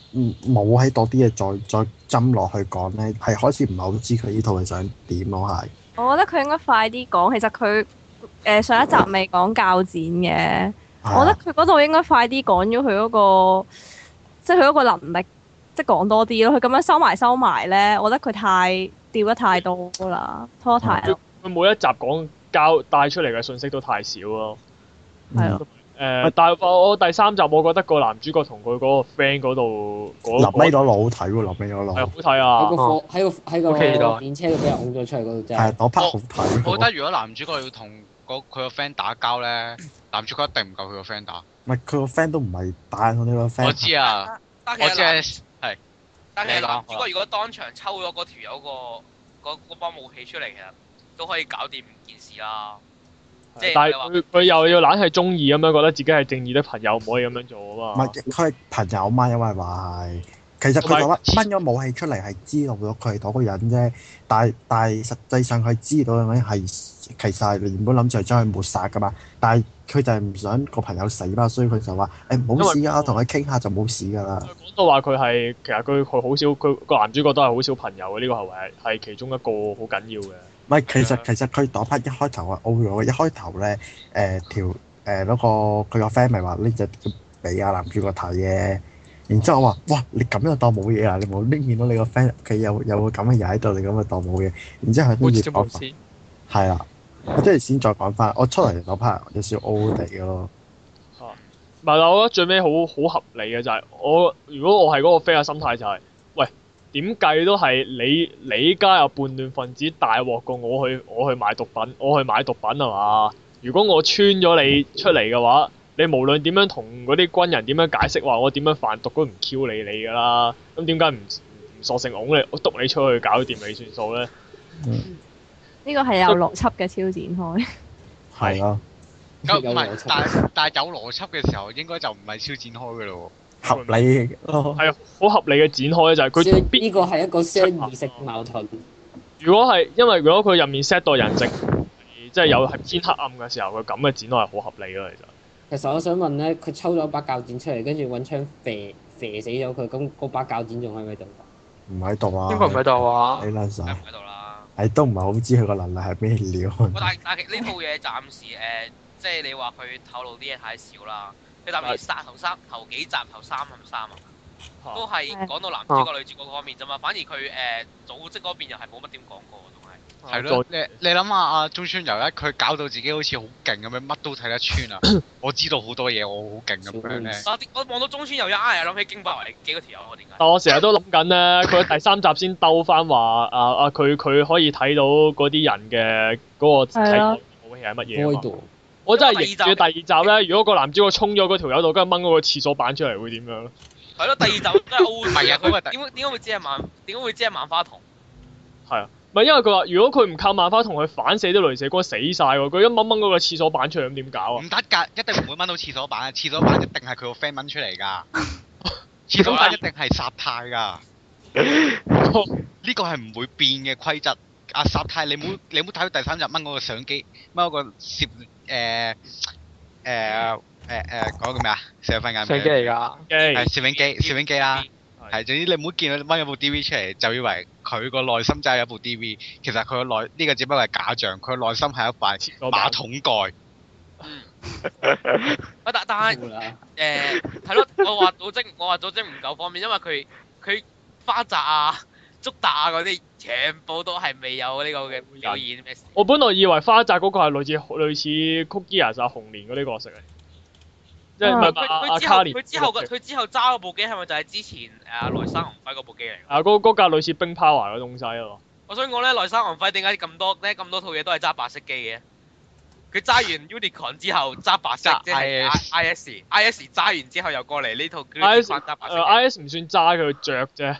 冇喺多啲嘢再再斟落去講咧，係開始唔係好知佢呢套係想點咯係。我覺得佢應該快啲講，其實佢誒上一集未講教展嘅，我覺得佢嗰度應該快啲講咗佢嗰個，即係佢嗰個能力。即係講多啲咯，佢咁樣收埋收埋咧，我覺得佢太掉得太多啦，拖太。佢每一集講交帶出嚟嘅信息都太少咯。係啊。誒，但係我我第三集我覺得個男主角同佢嗰個 friend 嗰度嗰嗰。嗱，尾嗰輪好睇喎，嗱尾嗰輪。係啊，好睇啊。喺個火喺個喺個 K 度。電車度俾人㧬咗出嚟嗰度真係。我覺得好睇。我覺得如果男主角要同佢個 friend 打交咧，男主角一定唔夠佢個 friend 打。唔係佢個 friend 都唔係打緊佢呢個 friend。我知啊，我只。但係男主角如果當場抽咗嗰條友個嗰幫武器出嚟，其實都可以搞掂件事啦。即係你話佢又要懶係中意咁樣，覺得自己係正義的朋友，唔可以咁樣做啊嘛。唔係佢係朋友嘛，因為話係其實佢覺得掹咗武器出嚟係知道咗佢係嗰個人啫，但但係實際上佢知道係。其實你原本諗住係將佢抹殺噶嘛，但係佢就係唔想個朋友死嘛，所以佢就話：誒冇事啊，同佢傾下就冇事噶啦。講到話佢係其實佢佢好少，佢個男主角都係好少朋友嘅，呢個係係其中一個好緊要嘅。唔係其實其實佢打 part 一開頭啊，一開頭咧誒條誒嗰個佢個 friend 咪話拎隻俾阿男主角睇嘅，然之後我話：哇，你咁樣當冇嘢啊！你冇拎見到你個 friend 佢有有個咁嘅嘢喺度，你咁就當冇嘢。然之後都接唔到。係啦。我即係先再講翻，我出嚟嗰 part 有少 O O 地嘅咯。吓，唔係，但係我覺得，、啊、我覺得最尾好好合理嘅就係，我如果我係嗰個飛嘅心態就係、是，喂，點計都係你你家有叛亂分子大鑊過我去我去買毒品，我去買毒品係嘛？如果我穿咗你出嚟嘅話，嗯、你無論點樣同嗰啲軍人點樣解釋話我點樣販毒都唔 Q 你你噶啦，咁點解唔唔索性㧬你，我督你出去搞掂你算數咧？嗯呢個係有邏輯嘅超展開，係啊，咁唔但係但係有邏輯嘅時候，應該就唔係超展開嘅咯喎。合理係啊、 嗯， 好合理嘅展開就係佢。所以呢個係一個雙意式矛盾。如果係因為如果佢入面 set 代人質，即、就、係、是、有係天黑暗嘅時候，佢咁嘅展開係好合理咯，其實。其實我想問咧，佢抽咗把鉸剪出嚟，跟住揾槍射射死咗佢，咁嗰把鉸剪仲喺唔喺度？唔喺度啊！邊個唔喺度啊？死撚曬！ 係都唔係好知佢個能力係咩料。但但呢套嘢暫時、呃、誒，即係你話佢透露啲嘢太少啦。佢暫時三頭三頭幾集頭三冚三啊，都係講到男主角女主角嗰方面啫嘛。反而佢誒、呃、組織嗰邊又係冇乜點講過。係咯，你你諗下阿中村由一佢搞到自己好似好勁咁樣，乜都睇得穿啊！我知道好多嘢，我好勁咁樣咧。嗱，我望到中村由一，我又諗起京百圍幾個條友啊。點解？但我成日都諗緊咧，佢第三集先兜翻，話，阿阿佢佢可以睇到嗰啲人嘅嗰個武器係乜嘢。我真係第二集，咧，如果個男主角衝咗嗰條友度，跟住掹嗰個廁所板出嚟，會點樣？係咯，第二集都係 O。係啊，點解點解會知係萬？點解會知係萬花筒？係啊。唔係，因為佢話如果佢唔靠萬花筒，佢反射啲雷射光死晒喎。佢一掹掹嗰個廁所板出嚟，咁點搞啊？唔得㗎，一定唔會掹到廁所板。廁所板一定係佢個 friend 掹出嚟㗎。 廁所板一定係薩泰㗎。呢 個係唔會變嘅規則。阿、啊、薩泰，你唔好你唔好睇第三集掹嗰個相機，掹嗰個攝誒誒誒誒咩啊？相片眼。相機嚟㗎。係。係攝影機，攝影機啊！係，總之你唔好見佢掹咗部 D V 出嚟，就以為佢個內心真係有部 D V，其實佢個內呢個，只不過係假象，佢內心係一塊馬桶蓋。嗯。啊，但但係誒，係咯，我話組織，我話組織唔夠方便，因為佢佢，花澤啊、竹達啊嗰啲全部都係未有呢個嘅表演。我本來以為花澤嗰個係類似類似 Kuya 就紅蓮嗰啲角色嚟。即係唔係阿阿卡尼？佢之後嘅佢之後揸嗰部機係咪就係之前誒內山宏輝嗰部機嚟？啊，嗰嗰架類似冰 power 嘅東西咯。我想講咧，內山宏輝點解咁多咧咁多套嘢都係揸白色機嘅？佢揸完 Unicorn 之後揸白色，即係 I S I S 揸完之後又過嚟呢套，佢又揸白色。I S 唔算揸佢著啫，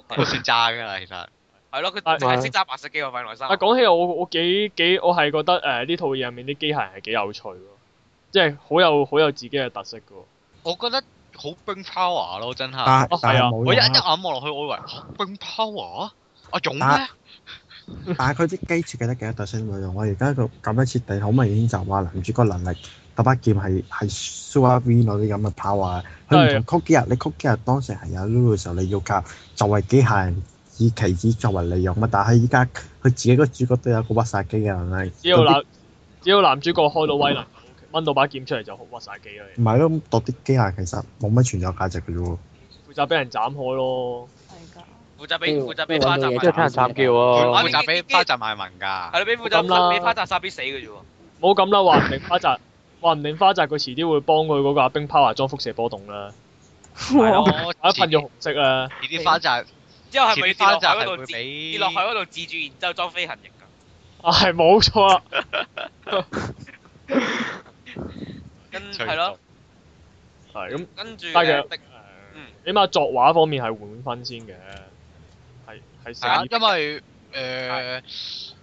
佢唔算揸㗎啦，其實。係咯，佢淨係識揸白色機，我份內山。啊，講起我我幾幾我係覺得誒呢套嘢入面啲機械人係幾有趣。即係好有好有自己嘅特色嘅。我覺得好冰炮啊！咯，真係啊，係啊，我一一眼望落去，我以為冰炮啊，我、啊、總咩？但係佢啲機設計得幾多特色喎，我而家咁樣設定，好明顯就話男主角能力，搭把劍係係 super violent 咁嘅 power，佢唔同 corgi 啊，對你 corgi 啊，當時係有 Lulu 嘅時候你要靠就係機械人以棋子作為利用乜、啊，但係依家佢自己個主角都有個挖殺機嘅能力。只要男就只要男主角開到威力。揾到把劍出嚟就好屈曬機啊，唔係咯，度啲機械其實冇乜存有價值嘅啫喎。負責俾人斬開咯～係㗎。負責俾負責俾花澤，即係睇人慘叫咯。負責俾花澤埋文㗎。係啦，俾負責俾花澤，殺必死嘅啫喎。冇咁啦，話唔定花澤，話唔定花澤佢遲啲會幫佢嗰個阿兵 Power 裝輻射波動啦。唔係咯，而家噴咗紅色啊！遲啲花澤，之後係咪花澤係會俾？跌落去嗰度自住，然之後裝飛行翼㗎？啊，係冇錯啊！跟係咯，係咁對。的跟住，但係，嗯，起碼作畫方面係滿分先嘅。係，係、啊，因為誒，佢、呃、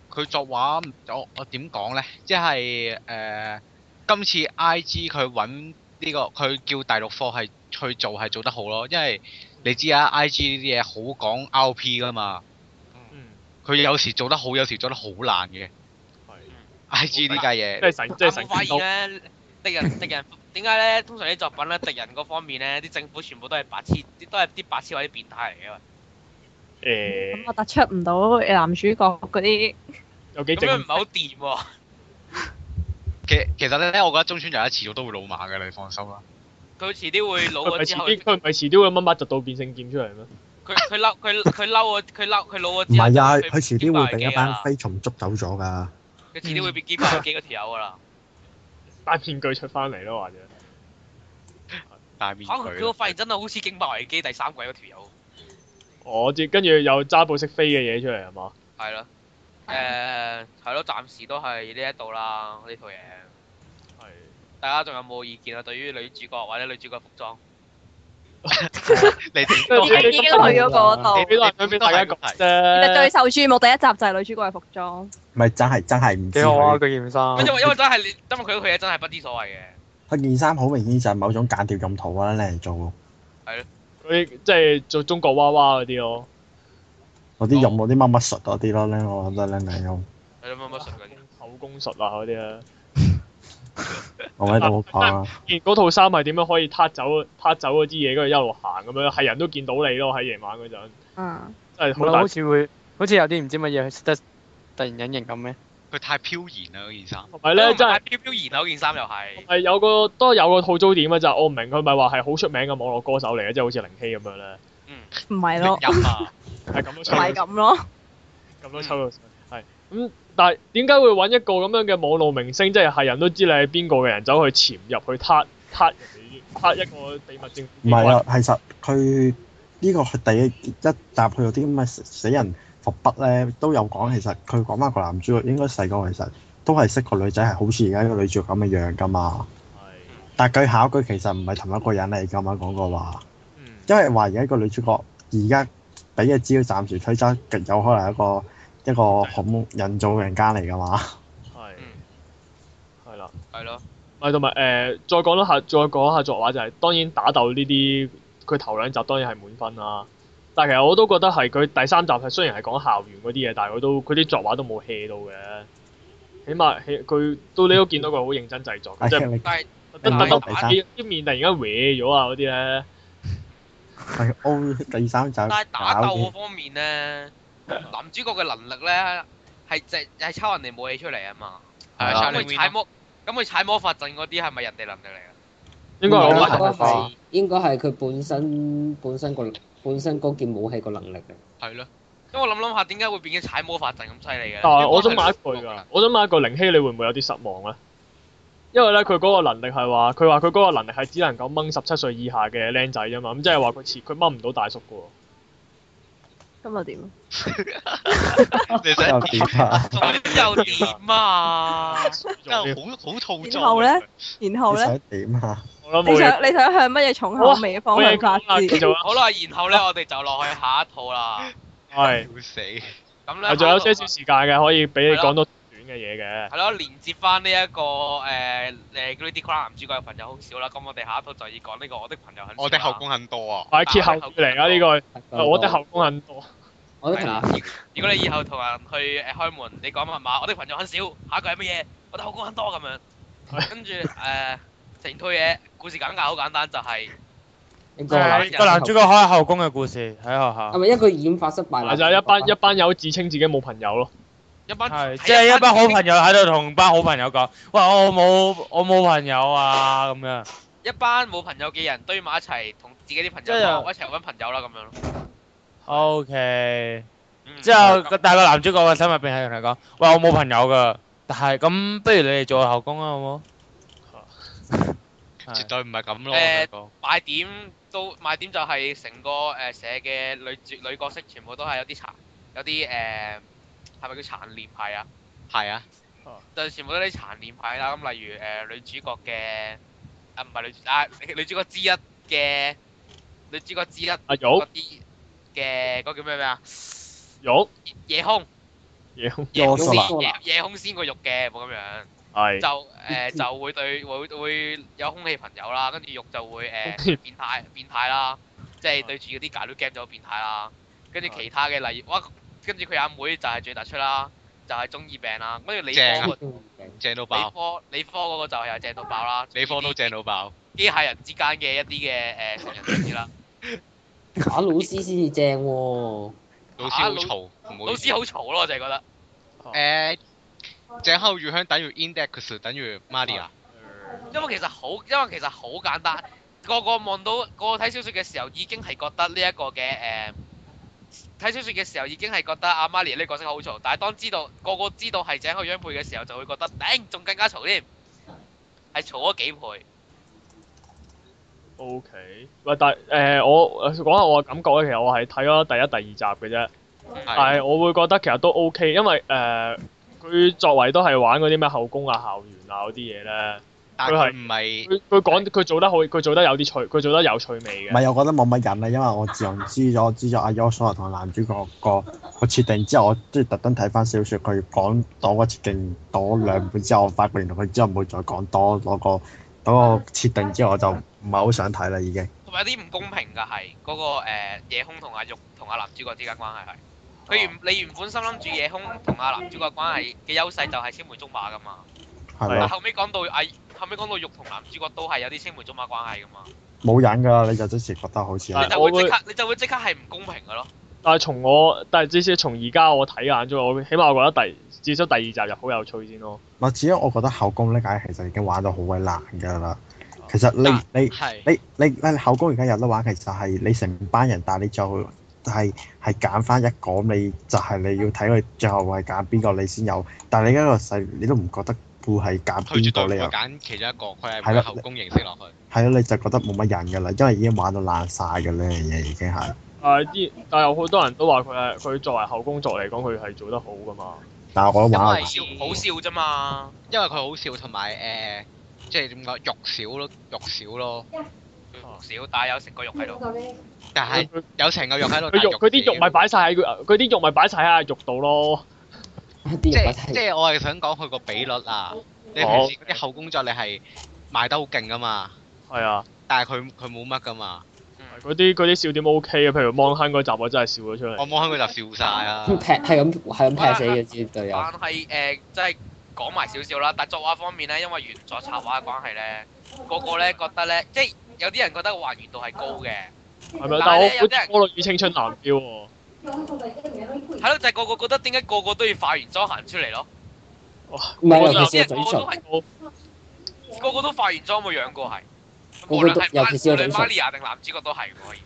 的作畫，我我點講咧？即係誒，今次 I G 佢揾呢、這個，佢叫大陸貨，係去做係做得好咯。因為你知啊，I G 呢啲嘢好講 R P 噶嘛。嗯。佢有時做得好，有時做得好難嘅。IG 呢家嘢，即係成即係成。我發現咧，敵人敵人點解咧？通常啲作品咧，敵 人嗰方面咧，啲政府全部都係白痴，都係啲白痴或者變態嚟嘅。誒、欸。咁、嗯、我突出唔到男主角嗰啲。有幾正？咁樣唔係好掂。其 其實咧，我覺得中村有一遲早都會老馬嘅，你放心啦。佢遲啲會老。佢唔係遲啲，佢唔係遲啲會乜乜就到變性劍出嚟咩？佢佢嬲佢佢嬲我佢嬲佢老我。唔係啊！佢佢遲啲會俾一班飛蟲捉走咗噶。 佢遲啲會變《驚爆危機》嗰條友噶啦，戴面具出翻嚟咯或者，戴 面具。可能佢發現真係好似《驚爆危機》第三季嗰條友。 我知，跟住有揸部識飛嘅嘢出嚟係嘛？係咯，誒係咯，暫、 啊、時都係呢一度啦呢套嘢。係是。大家仲有冇意見啊？對於女主角或者女主角服裝。已經已經去咗嗰度，你邊度？你邊都係一個係。誒，對受注目第一集就係女主角嘅服裝。唔係真係真係唔知。幾好啊，佢件衫。因為因為真係你，因為佢嗰句嘢真係不知所謂嘅。佢件衫好明顯就係某種簡調印圖啦，嚟做。係咯。嗰啲即係做中國娃娃嗰啲咯。嗰啲印嗰啲乜乜術嗰啲咯，咧我覺得咧嚟用。係啦，乜乜術嗰啲，手工術啊嗰啲啊。我喺度拍件嗰套衫係點樣可以撻走撻走嗰啲嘢，跟住一路行咁樣，係人都見到你咯，喺夜晚嗰陣。嗯。係好似會好似有啲唔知乜嘢，得突然隱形咁咩？佢太飄然啦，嗰件衫。唔係咧，真係飄飄然啊！嗰件衫又係。係有個都有個吐槽點嘅，就我唔明佢咪話係好出名嘅網絡歌手嚟嘅，即係好似靈希咁樣咧。唔係咯。音啊，係咁都抽。咁咯。咁都抽到，係咁。但係點解會揾一個咁樣嘅網絡明星，即係係人都知你係邊個嘅人，走去潛入去偷偷人、偷一個秘密政府？唔係啊，其實佢呢個第一集有一集去到啲咁嘅死人伏筆咧，都有講。其實佢講翻個男主角應該細個，其實都係識個女仔，係好似而家個女主角咁嘅樣噶嘛。係的。但佢下一句其實唔係同一個人嚟嘅嘛講過話，那個嗯、因為話而家個女主角而家俾嘅資料暫時推測極有可能係一個。一個恐人做嘅人間嚟㗎嘛？係，係啦、嗯，係咯的。咪同埋誒，再講多下，再講一下作畫就係、是、當然打鬥呢啲，佢頭兩集當然係滿分啦。但係其實我都覺得係佢第三集係雖然係講校園嗰啲嘢，但係佢都佢啲作畫都冇 hea 到嘅。起碼佢到你都見到佢好認真製作， 即係得得打啲面突然間歪咗啊嗰啲咧。係 O 第三集。 但係打鬥嗰方面咧。男主角嘅能力咧，係就係抽人哋武器出嚟啊嘛，咁啊，踩魔咁佢踩魔法陣嗰啲係咪人哋能力嚟啊？應該唔係，應該係佢本身本身個本身嗰件武器個能力嚟。係咯，咁我諗諗下，點解會變咗踩魔法陣咁犀利嘅咧？但係我想問一句噶，我想問一個，靈希你會唔會有啲失望咧？因為咧，佢嗰個能力係話，佢話佢嗰個能力係只能夠掹十七歲以下嘅僆仔啫嘛，咁即係話佢似佢掹唔到大叔噶。今日點？你想點啊？咁又點啊？真係好好套裝。然後咧？然後咧？點啊？你想你想向乜嘢重口味嘅方向發展？好啦，然後咧，我哋就落去下一套啦。係 是。要死。咁咧？係，仲有些少時間嘅，可以俾你講到。嘅嘢嘅，係咯。連接翻呢一個誒誒 Guilty Crown 男主角嘅朋友好少啦，咁我哋下一套就要講呢個我的朋友很少。我的後宮很多啊，係揭後宮嚟啊呢個，我哋後宮很多。如果你以後同人去誒開門，你講密碼，我的朋友很少，下一個係乜嘢？我的後宮很多咁樣，跟住誒成套嘢故事梗架好簡單，就係個男主角開後宮嘅故事喺學校。係咪一個染髮失敗？係就係一班一班友自稱自己冇朋友咯。係，即係一班好朋友喺度同班好朋友講，喂，我冇我冇朋友啊咁樣。一班冇朋友嘅人堆埋一齊，同自己啲朋友講，一齊搵朋友啦咁樣。OK，之後個大個男主角嘅心入邊喺度同你講，喂，我冇朋友噶，但係咁不如你嚟做我後宮啊，好冇？絕對唔係咁咯。誒，賣點都賣點就係成個誒寫嘅女絕女角色全部都係有啲殘，有啲誒。係咪叫殘念牌啊？係啊，就全部都啲殘念牌啦。咁例如誒女主角嘅，啊唔係女，啊女主角之一嘅女主角之一，啊肉啲嘅嗰個叫咩咩啊？肉夜空，夜空夜夜夜空先個肉嘅咁樣，係就誒就會對會會有空氣朋友啦，跟住肉就會誒變態變態啦，即係對住嗰啲 girl game 就變態啦，跟住其他嘅例如哇。跟住佢阿妹就係最突出啦，就係、是、中二病啦。跟住理科個、啊，正正到爆。科理科嗰個就係正到爆啦。理科都正到爆。機械人之間嘅一啲嘅誒人物啦。嚇、 啊！老師先至正喎、啊啊啊。老師好嘈。老師好嘈咯，我就係覺得。誒、哦，井口裕香等於 index 等於 Maria、啊。因為其實好，因為其實好簡單。個個望到個個睇小説嘅時候，已經係覺得呢一個嘅誒。呃睇小說嘅時候已經係覺得阿媽尼呢個聲好嘈，但係當知道個個知道係井口樣配嘅時候，就會覺得頂，仲更加嘈添，係嘈咗幾倍。OK，喂，但、呃、誒，我講下我嘅感覺咧，其實我係睇咗第一、第二集嘅啫，Yeah. 但係我會覺得其實都 OK，因為誒，佢、呃、作為都係玩嗰啲咩後宮啊、校園啊嗰啲嘢咧。佢係唔係？佢佢講佢做得好，佢做得有啲趣，佢做得有趣味嘅。唔係，我覺得冇乜癮，啊，因為我自從知咗，知咗阿玉所話同男主角個個設定之後，我即係特登睇翻小説，佢講講個設定多兩本之後，發覺原來佢之後唔會再講多嗰個嗰個設定之後，我就唔係好想睇啦已經。同埋有啲唔公平嘅係嗰個夜、呃、空同阿玉同阿男主角之間關係係，你唔、哦、你原本心諗住夜空同阿男主角關係嘅優勢就係青梅竹馬㗎嘛。係咪？但後尾講到阿。哎後尾講到肉同男主角都係有啲青梅竹馬關係噶嘛，冇癮噶，你有陣時覺得好似 你就會即刻，會你就會即刻係唔公平噶咯。但係從我，但係至少從而家我睇眼啫，我起碼我覺得第至少第二集就好有趣先咯。嗱，至於我覺得後宮呢咧，其實已經玩到好鬼難噶啦。其實你是你你你後宮而家有得玩，其實係你成班人帶你，但係你就係係揀翻一個，你就係、是、你要睇佢最後係揀邊個你先有。但係你而家個世，你都唔覺得？會係揀邊個咧？又揀其中一個，佢係玩後宮形式落去。係咯、啊啊，你就覺得冇乜癮噶啦，因為已經玩到爛晒嘅呢樣嘢已經係。係啲、啊，但有好多人都話佢係佢作為後宮作嚟講，佢係做得好噶嘛。但係我覺得玩笑好笑啫嘛，因為佢好笑同埋誒，即係點講？肉少咯，肉少咯。肉少，但係有成個肉喺度。嗯、但係有成個肉喺度。佢肉，佢啲肉咪擺晒喺佢，佢啲肉咪擺晒喺肉度咯。即即是、嗯、我係想講佢個比率啊！哦、你平時啲後工作你係賣得好勁㗎嘛，係啊、哎呀，但係佢佢冇乜噶嘛，嗰啲啲笑點 O K 啊，譬如芒亨嗰集我真係笑咗出嚟，我芒亨嗰集笑晒啊，劈係咁係咁劈死嘅啲隊友。但係誒，即係講埋少少啦。但係作畫方面咧，因為原作插畫嘅關係咧，那個個咧覺得咧，即係有啲人覺得還原度係高嘅，係咪？但係我好過於青春藍調係咯，就係、是、個個覺得點解個個都要化完妝行出嚟咯？哇！個個都化完妝冇養過，個係無論係無論 Maria 定男主角都係可以。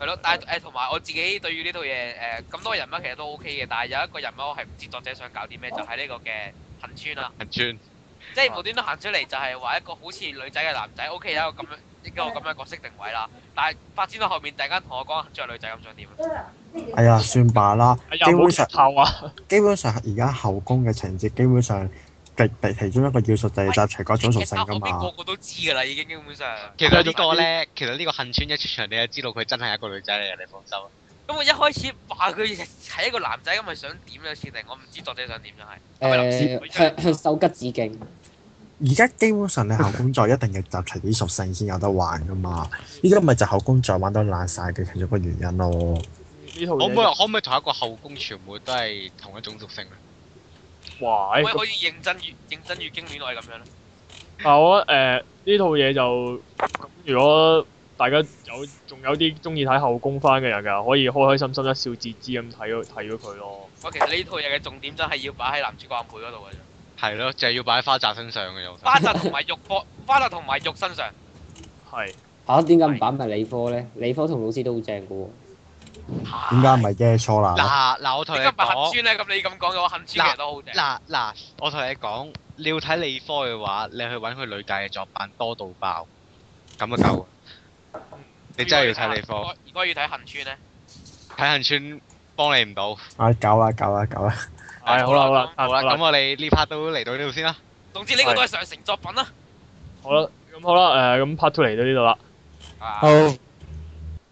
係咯，但係誒同埋我自己對於呢套嘢誒咁多人物其實都 OK 嘅，但係有一個人物我係唔知作者想搞啲咩，就係、是、呢個嘅幸村啊！幸村。.即係無端端行出嚟，就係話一個好似女仔嘅男仔，O.K. 一個咁樣，樣一個咁樣角色定位啦。但係發展到後面，突然間同我講著女仔咁，想點啊？哎呀，算罷啦。基本上，基本上而家後宮嘅情節，基本上極第其中一個要素就係集齊各種屬性㗎嘛。個個都知㗎啦，已經基本上。其實個呢個咧，其實呢個幸村一出場，你就知道佢真係一個女仔嚟嘅，你放心。咁我一開始話佢係一個男仔咁，咪，想點嘅設定？我唔知作者想點就係誒秀吉致敬。而家基本上你後宮作一定要集齊啲屬性先有得玩㗎嘛，依家咪就後宮作玩得爛晒嘅其中一個原因咯。呢套可唔可以同一個後宮全部都係同一種屬性咧？喂哇，可，可以認真月那認真月經戀愛咁樣咯。啊，我誒呢套嘢就，如果大家有仲有啲中意睇後宮翻嘅人㗎，可以開開心心一笑置之咁睇咗睇咗佢咯。我其實呢套嘢嘅重點真係要擺喺男主寡妹嗰度㗎。係咯，就係要擺喺花澤身上嘅又。花澤同埋肉科， 花澤同埋肉身上。係是。吓、啊，點解唔擺埋理科咧？理科同老師都好正噶喎。點解唔係嘅？錯啦。嗱嗱，我同你講。咁你咁講嘅話，杏村其實都好正。嗱嗱，我同你講，你要睇理科嘅話，你去揾佢女界嘅作品多到爆，咁啊夠。 你真係要睇理科？如果要睇杏村咧？睇杏村幫你唔到。啊，搞啦、啊，搞啦、啊，搞啦、啊。搞啊係好啦好啦好啦，咁我哋呢 part 都嚟到呢度先啦。總之呢個都係上乘作品啦。好啦，咁好啦，誒，咁、啊呃、part two 嚟到呢度啦。好。好。